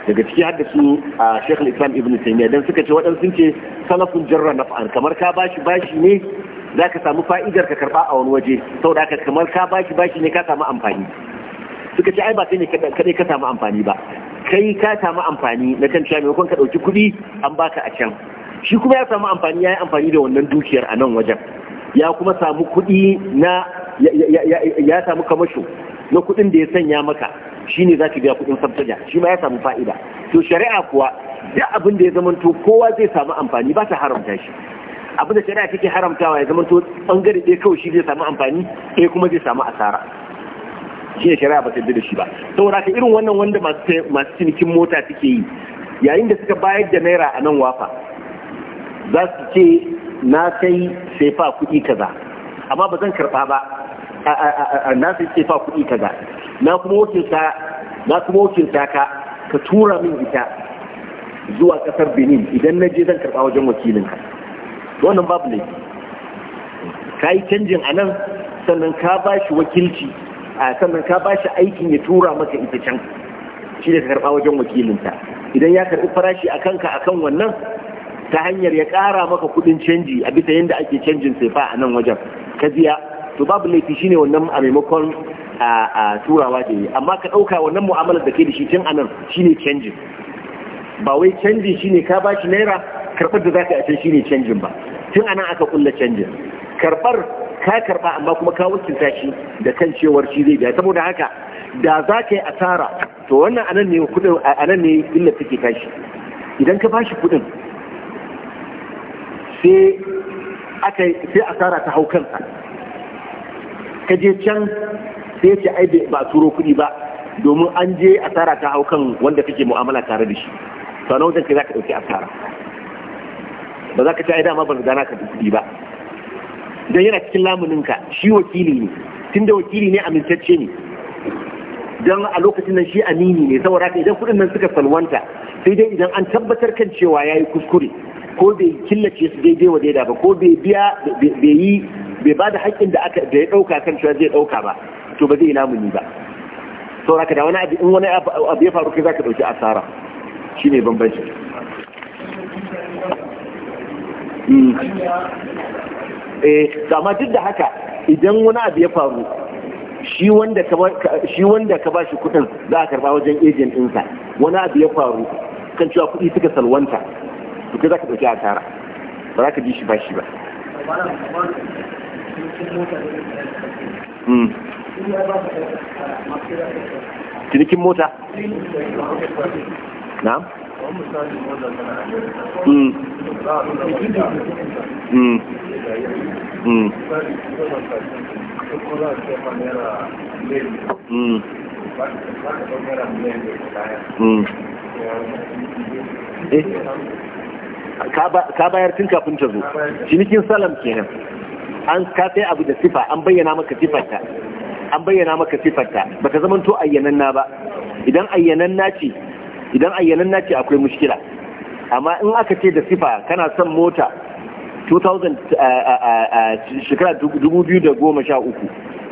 daga ciki har da su a shekul islam ibn taimiyya dan suka ce waɗansu sun ce salafun jarra naf'an kamar ka bashi bashi ne za ka samu fa'idar ka karba a wani waje saboda haka kamar ka bashi bashi ne ka samu amfani suka ce ai ba kai ka samu amfani ba kai ka samu amfani na kan cewa maimakon ka ɗauki kuɗi an baka a can shi kuma ya samu amfani ya yi amfani da wannan dukiyar a nan wajen ya kuma samu kuɗi na ya samu kamasho na kuɗin da ya sanya maka shi ne za ka biya kuɗin sabtaja shi ma ya samu fa'ida to shari'a kuwa duk abin da ya zamanto kowa zai samu amfani ba ta haramta shi abin da shari'a take haramtawa ya zamanto bangare ɗaya kawai shi zai samu amfani ɗaya kuma zai samu asara shi ne shari'a ba ta da shi ba saboda ka irin wannan wanda masu cinikin mota suke yi yayin da suka bayar da naira a nan wafa za su ce na sai fa kuɗi kaza amma ba zan karɓa ba na sai fa kuɗi kaza na kuma wakilta na kuma wakilta ka ka tura min ita zuwa ƙasar benin idan na je zan karɓa wajen wakilinka wannan babu ne ka yi canjin a nan sannan ka ba shi wakilci sannan ka ba shi aikin ya tura maka ita can shi da ka karɓa wajen wakilinta idan ya karɓi farashi a kanka a kan wannan ta hanyar ya ƙara maka kuɗin canji a bisa yadda ake canjin sefa a nan wajen ka biya to babu laifi shine wannan a maimakon a turawa da yi amma ka ɗauka wannan mu'amalar da ke da shi tun a nan shine canjin ba wai canji shine ka ba shi naira karɓar da za ka yi a can shine canjin ba tun a nan aka kulla canjin karɓar ka karba amma kuma ka wakilta shi da kan cewar shi zai biya saboda haka da za ka yi asara to wannan anan ne kudin anan ne illa take tashi idan ka bashi kudin sai aka sai asara ta hau kansa ka je can sai ce ai ba turo kuɗi ba domin an je asara ta hau wanda kake mu'amala tare da shi to na wajen kai za ka ɗauki asara ba za ka ci ai dama ban gana ka kuɗi ba da yana cikin lamuninka shi wakili ne tun da wakili ne amintacce ne don a lokacin nan shi amini ne saboda haka idan kudin nan suka salwanta sai dai idan an tabbatar kan cewa ya yi kuskure ko bai killace su daidai wa daida ba ko bai biya bai yi bai ba da haƙƙin da aka da ya ɗauka kan cewa zai ɗauka ba to ba zai lamuni ba saboda haka da wani abu in wani abu ya faru kai za ka ɗauki asara shi ne bambanci hmm. eh amma duk da haka idan wani abu ya faru shi wanda ka ba shi kudin za a karba wajen agent ɗinsa wani abu ya faru kan cewa kuɗi suka salwanta to kai za ka ɗauki asara ba za ka ji shi ba shi ba hmm. cinikin mota na ka bayar tun kafin ta zo cinikin salam kenan an ka sai abu da sifa an bayyana maka sifarta an bayyana maka sifarta baka zamanto na ba idan na ce idan ayyanan na ce akwai mushkila amma in aka ce da sifa kana son mota 2000 uh, uh, uh, shekara 2013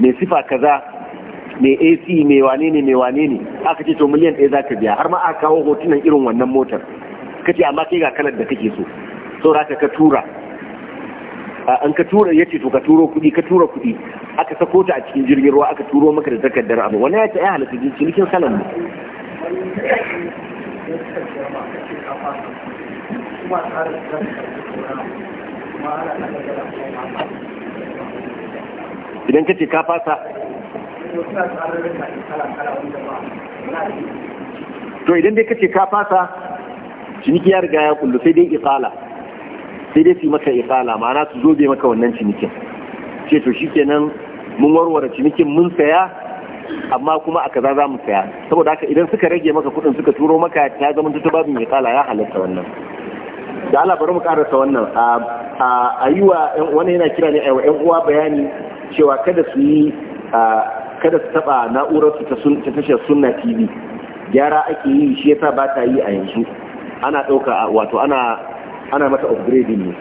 mai sifa kaza mai ac mai wane ne mai wane ne aka ce to miliyan ɗaya za ka biya har ma aka kawo hotunan irin wannan motar ka ce amma kai ga kalar da kake so saura ka tura an ka tura ya ce to ka turo kuɗi ka tura kuɗi aka sako ta a cikin jirgin ruwa aka turo maka da takardar abu wani ya ce ya halatta jirgin sanan mu idan ka ce ka fasa to idan dai ka ce ka fasa ciniki ya riga ya kullu sai dai iqala sai dai su maka iqala ma'ana su zobe maka wannan cinikin ce to shikenan mun warware cinikin mun saya amma kuma a kaza za mu saya saboda haka idan suka rage maka kuɗin suka turo maka ta zama ta babin mai kala ya halatta wannan da Allah bari mu karasa wannan a yiwa wani yana kira ne a yan uwa bayani cewa kada su yi kada su taba na'urar su ta tashar sunna tv gyara ake yi shi yasa ba ta yi a yanzu ana ɗauka wato ana ana mata upgrading ne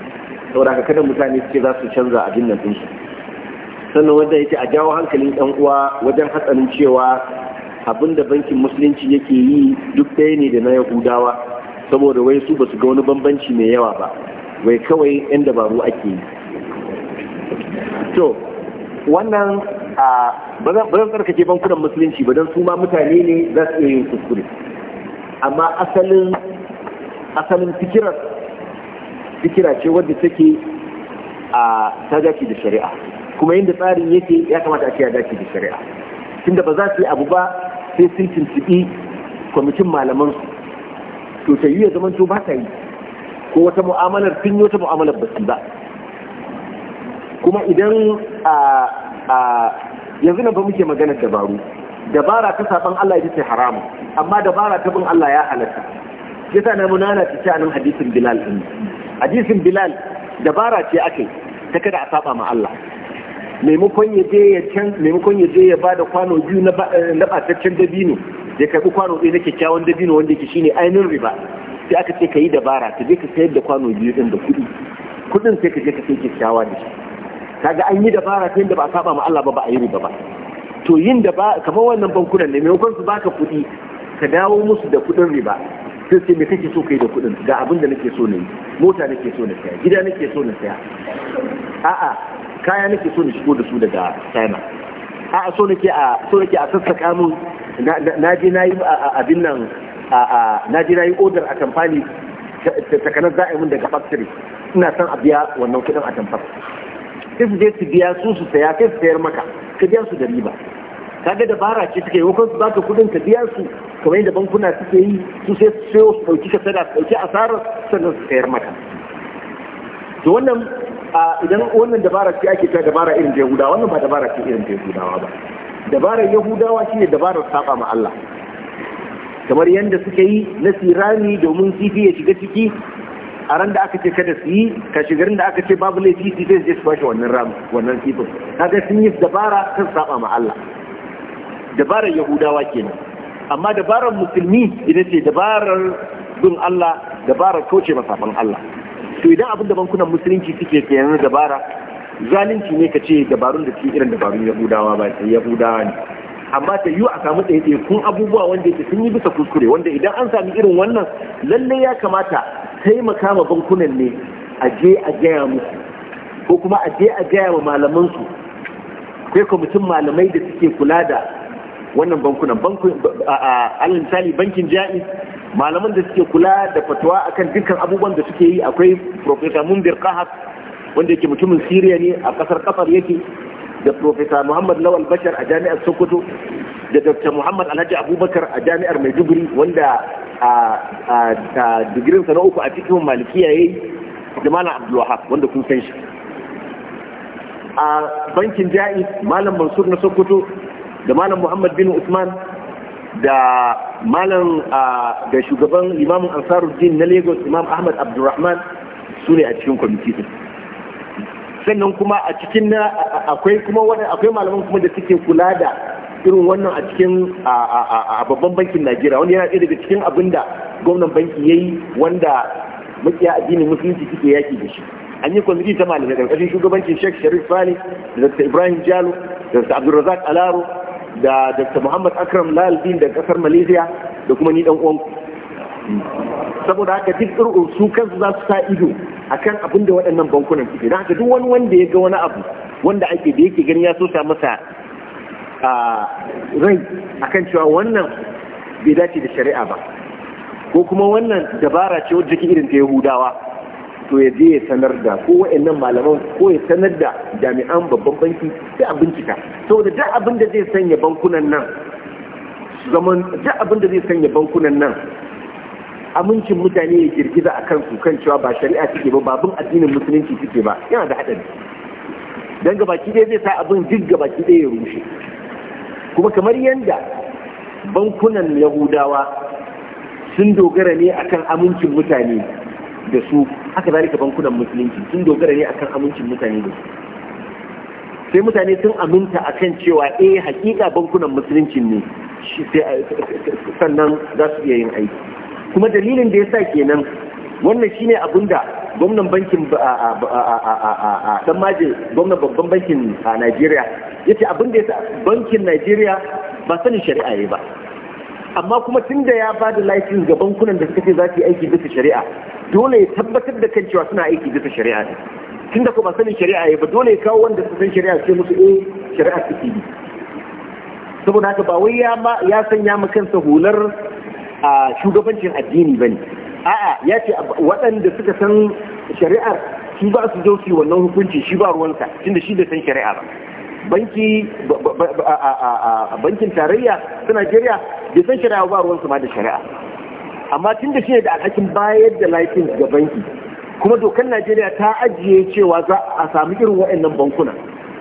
saboda haka kada mutane suke za su canza abin nan su sannan wanda yake a jawo hankalin ɗan uwa wajen hatsarin cewa abin da bankin musulunci yake yi duk ɗaya ne da na yahudawa saboda wai su basu ga wani bambanci mai yawa ba wai kawai yan dabaru ake yi to wannan ba zan tsarkake bankunan musulunci ba don su ma mutane ne za su iya yin kuskure amma asalin asalin fikirar fikira ce wadda take a ta da shari'a kuma yadda tsarin yake ya kamata a kiyar ya dace da shari'a tunda ba za su yi abu ba sai sun tuntuɓi kwamitin malaman su to ta yi ya zama to ba ta yi ko wata mu'amalar sun yi wata mu'amalar basu ba kuma idan a yanzu nan ba muke magana dabaru dabara ta saban Allah ita ce haramu amma dabara ta bin Allah ya halatta yasa na munana ta ce anan hadisin Bilal din hadisin Bilal dabara ce akai ta kada a saba ma Allah maimakon ya je ya can maimakon ya je ya kwano biyu na bataccen eh, dabino ya karbi kwano ɗaya na kyakkyawan dabino wanda yake shine ainihin riba sai aka ce ka yi dabara ka je ka sayar da kwano biyu din da kuɗi kuɗin sai ka je ka sai kyakkyawa da shi kaga an yi dabara ta yadda ba a saba ma Allah ba ba a yi riba ba to yin da kamar wannan bankunan ne maimakon su baka kuɗi ka dawo musu da kuɗin riba sai sai me kake so kai da kuɗin ga abin da nake so na yi mota nake so na saya gida nake so na saya a'a kaya nake so ni shigo da su daga china a so nake a so nake a sassaka mun na je na yi abin nan na je na yi order a kamfani takanar za mun daga factory ina son a biya wannan kudin a tamfar sai su je su biya su su saya kai su sayar maka ka biya su da riba kaga dabara ce suka ko su baka kuɗin ka biya su kamar yadda bankuna suke yi su sai su sayo su ɗauki ka sada su ɗauki asarar sannan su sayar maka to wannan a idan wannan dabara ce ake ta dabara irin da Yahudawa wannan ba dabara ce irin da Yahudawa ba dabarar Yahudawa ne dabarar saba ma Allah kamar yadda suka yi na sirani domin kifi ya shiga ciki a ran da aka ce kada su yi ka shigarin da aka ce babu laifi su zai su fashe wannan ram wannan kifin kaga sun yi dabara kan saba ma Allah dabarar Yahudawa kenan amma dabarar musulmi ita ce dabarar bin Allah dabarar kauce masafan Allah to idan abin da bankunan musulunci suke kenan dabara zalunci ne ka ce dabarun da suke irin dabarun yahudawa ba sai yahudawa ne amma ta yiwu a samu tsaye kun abubuwa wanda yake sun yi bisa kuskure wanda idan an sami irin wannan lalle ya kamata taimaka ma bankunan ne a je a gaya musu ko kuma a je a gaya wa malamansu akwai kwamitin malamai da suke kula da wannan bankunan a misali bankin jami'i malaman da suke kula da fatawa akan dukkan abubuwan da suke yi akwai professor mundir kahaf wanda yake mutumin siriya ne a kasar kafar yake da professor muhammad lawal bashar a jami'ar sokoto da dr muhammad alhaji abubakar a jami'ar maiduguri wanda a digirinsa na uku a cikin malikiya yayi da malam abdulwahab wanda kun san shi a bankin ja'i malam mansur na sokoto da malam muhammad bin usman da malam da shugaban limamin ansaruddin na lagos imam ahmad abdulrahman su ne a cikin kwamiti din sannan kuma a cikin na akwai kuma akwai malaman kuma da suke kula da irin wannan a cikin a babban bankin najeriya wanda yana ɗaya daga cikin abin da gwamnan banki ya yi wanda makiya addinin musulunci suke yaki da shi an yi kwamiti ta malamai ƙarƙashin shugabancin sheikh sharif fali da dr ibrahim jalo da dr abdulrazak alaro da dr muhammad akram lalbin da kasar malaysia da kuma ni dan uwanku saboda haka duk irin su kansu za su sa ido akan abin da waɗannan bankunan suke Na haka duk wani wanda ya ga wani abu wanda ake da yake gani ya so sa masa rai akan cewa wannan bai dace da shari'a ba ko kuma wannan dabara ce wadda ke irin ta yahudawa to ya je ya sanar da ko wa'annan malaman ko ya sanar da jami'an babban banki sai a bincika saboda duk abin da zai sanya bankunan nan zaman duk abin da zai sanya bankunan nan amincin mutane ya girgiza a kansu kan cewa ba shari'a take ba babin addinin musulunci take ba yana da haɗari don gabaki ɗaya zai sa abin duk gabaki ɗaya ya rushe kuma kamar yadda bankunan yahudawa sun dogara ne akan amincin mutane da su haka zalika bankunan musulunci sun dogara ne akan amincin mutane da sai mutane sun aminta akan cewa eh hakika bankunan musulunci ne sannan za su iya yin aiki kuma dalilin da ya sa kenan wannan shine abin da gwamnan bankin dan maje gwamnan babban bankin a Najeriya yace abin da ya sa bankin Najeriya ba sanin shari'a ne ba amma kuma tun da ya ba da laifin ga bankunan da suka ce za su yi aiki bisa shari'a dole ya tabbatar da kan cewa suna aiki bisa shari'a ne tun da kuma sanin shari'a ya ba dole ya kawo wanda su san shari'a sai musu eh shari'a ke yi saboda haka ba wai ya sanya ma kansa hular a shugabancin addini ba ne a'a ya ce waɗanda suka san shari'ar shi ba su zo su yi wannan hukunci shi ba ruwansa tunda shi bai san shari'a ba banki bankin tarayya ta Najeriya bai san shari'a ba ruwan su ma da shari'a amma tun da shi da alhakin bayar da laifin ga banki kuma dokar Najeriya ta ajiye cewa za a sami irin wa'annan bankuna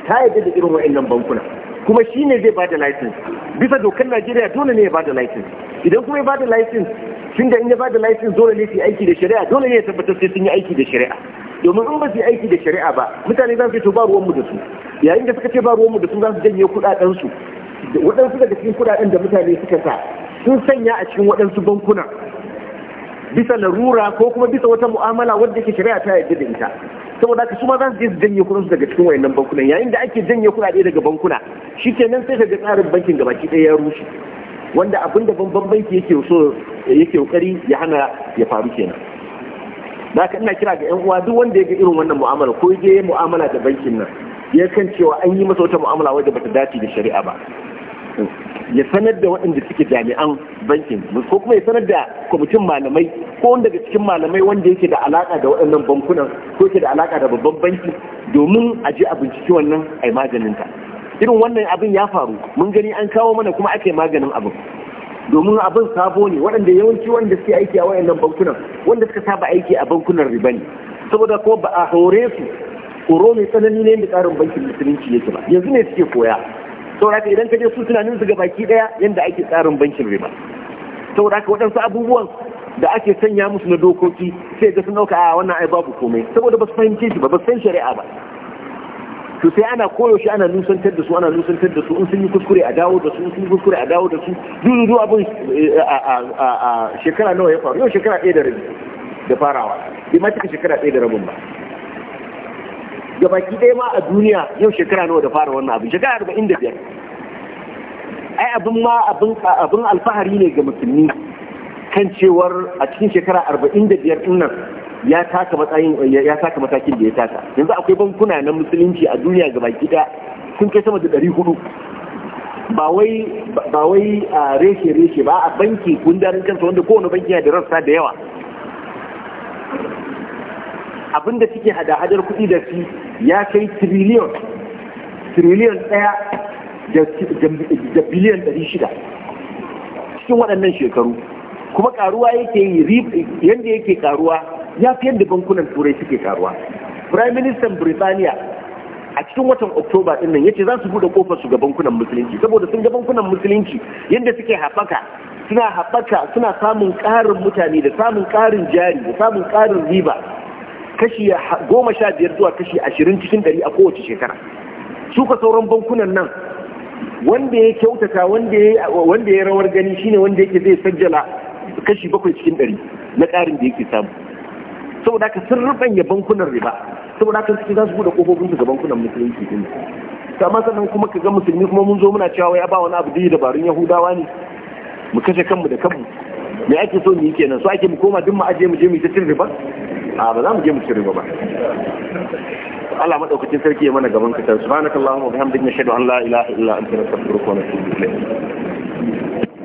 ta yadda da irin wa'annan bankuna kuma shi ne zai bada license bisa dokar Najeriya dole ne ya bada license idan kuma ya bada license tun da in ya bada license dole ne su yi aiki da shari'a dole ne ya tabbatar sai sun yi aiki da shari'a domin in ba su yi aiki da shari'a ba mutane za su ce ba ruwanmu da su yayin da suka ce ba ruwanmu da su za su janye kuɗaɗen su waɗansu daga cikin kuɗaɗen da mutane suka sa sun sanya a cikin waɗansu bankuna bisa larura ko kuma bisa wata mu'amala wadda ke shari'a ta yadda da ita saboda haka su ma za su je su janye kuɗin daga cikin wayannan bankunan yayin da ake janye kuɗaɗe daga bankuna shi kenan sai ka ga tsarin bankin gabaki ɗaya ya rushe wanda abin da banban banki yake so yake kokari ya hana ya faru kenan da ina kira ga yan uwa duk wanda ya ga irin wannan mu'amala ko je mu'amala da bankin nan ya kan cewa an yi masa wata mu'amala wadda bata dace da shari'a ba ya sanar da waɗanda suke jami'an bankin ko kuma ya sanar da kwamitin malamai ko wanda daga cikin malamai wanda yake da alaka da waɗannan bankunan ko yake da alaka da babban banki domin a je a binciki wannan a ta irin wannan abin ya faru mun gani an kawo mana kuma ake maganin abin domin abin sabo ne waɗanda yawanci wanda suke aiki a wayannan bankunan wanda suka saba aiki a bankunan riba ne saboda ko ba a hore su horo mai tsanani ne da tsarin bankin musulunci yake ba yanzu ne suke koya saboda ka idan ka je su tunanin su ga baki daya yanda ake tsarin bankin riba saboda ka waɗansu abubuwan da ake sanya musu na dokoki sai ga sun dauka a wannan ai babu komai saboda ba su fahimce shi ba ba san shari'a ba to sai ana koyaushe ana nusantar da su ana nusantar da su in sun yi kuskure a dawo da su in sun yi kuskure a dawo da su duk duk abin eh, a shekara nawa ya faru yau shekara ɗaya da rabi da farawa bai ma cika shekara ɗaya da rabin ba ga baki ɗaya ma a duniya yau shekara nawa da fara wannan abin shekara arba'in da biyar ai abin ma abin alfahari ne ga musulmi kan cewar a cikin shekara arba'in da biyar nan ya taka matsayin ya taka matakin da ya taka yanzu akwai bankuna na musulunci a duniya ga baki da sun kai sama da ɗari ba wai ba wai a reshe reshe ba a banki da kansa wanda kowane banki ya da rassa da yawa abinda suke hada-hadar kuɗi da su ya kai trillion trillion ɗaya da biliyan ɗari shida cikin waɗannan shekaru kuma karuwa yake yi yadda yake karuwa ya fi yadda bankunan turai suke karuwa prime minister Birtaniya a cikin watan oktoba din nan ce za su bude kofar su ga bankunan musulunci saboda sun ga bankunan musulunci yadda suke haɓaka suna haɓaka suna samun ƙarin mutane da samun ƙarin jari da samun ƙarin riba kashi goma sha biyar zuwa kashi ashirin cikin ɗari a kowace shekara su ka sauran bankunan nan wanda ya kyautata wanda ya rawar gani shine wanda yake zai sajjala kashi bakwai cikin ɗari na ƙarin da yake samu saboda ka sun rubanya bankunan riba saboda ka suke za su bude kofofin su ga bankunan musulunci din amma sannan kuma ka ga musulmi kuma mun zo muna cewa ya ba wani abu da dabarun yahudawa ne mu kashe kanmu da kanmu me ake so ni yi kenan so ake mu koma duk mu aje mu je mu ta cin riba a ba za mu je mu cin riba ba Allah madaukakin sarki ya mana gaban ka subhanakallahumma wa bihamdika nashhadu an la ilaha illa anta astaghfiruka wa atubu ilayk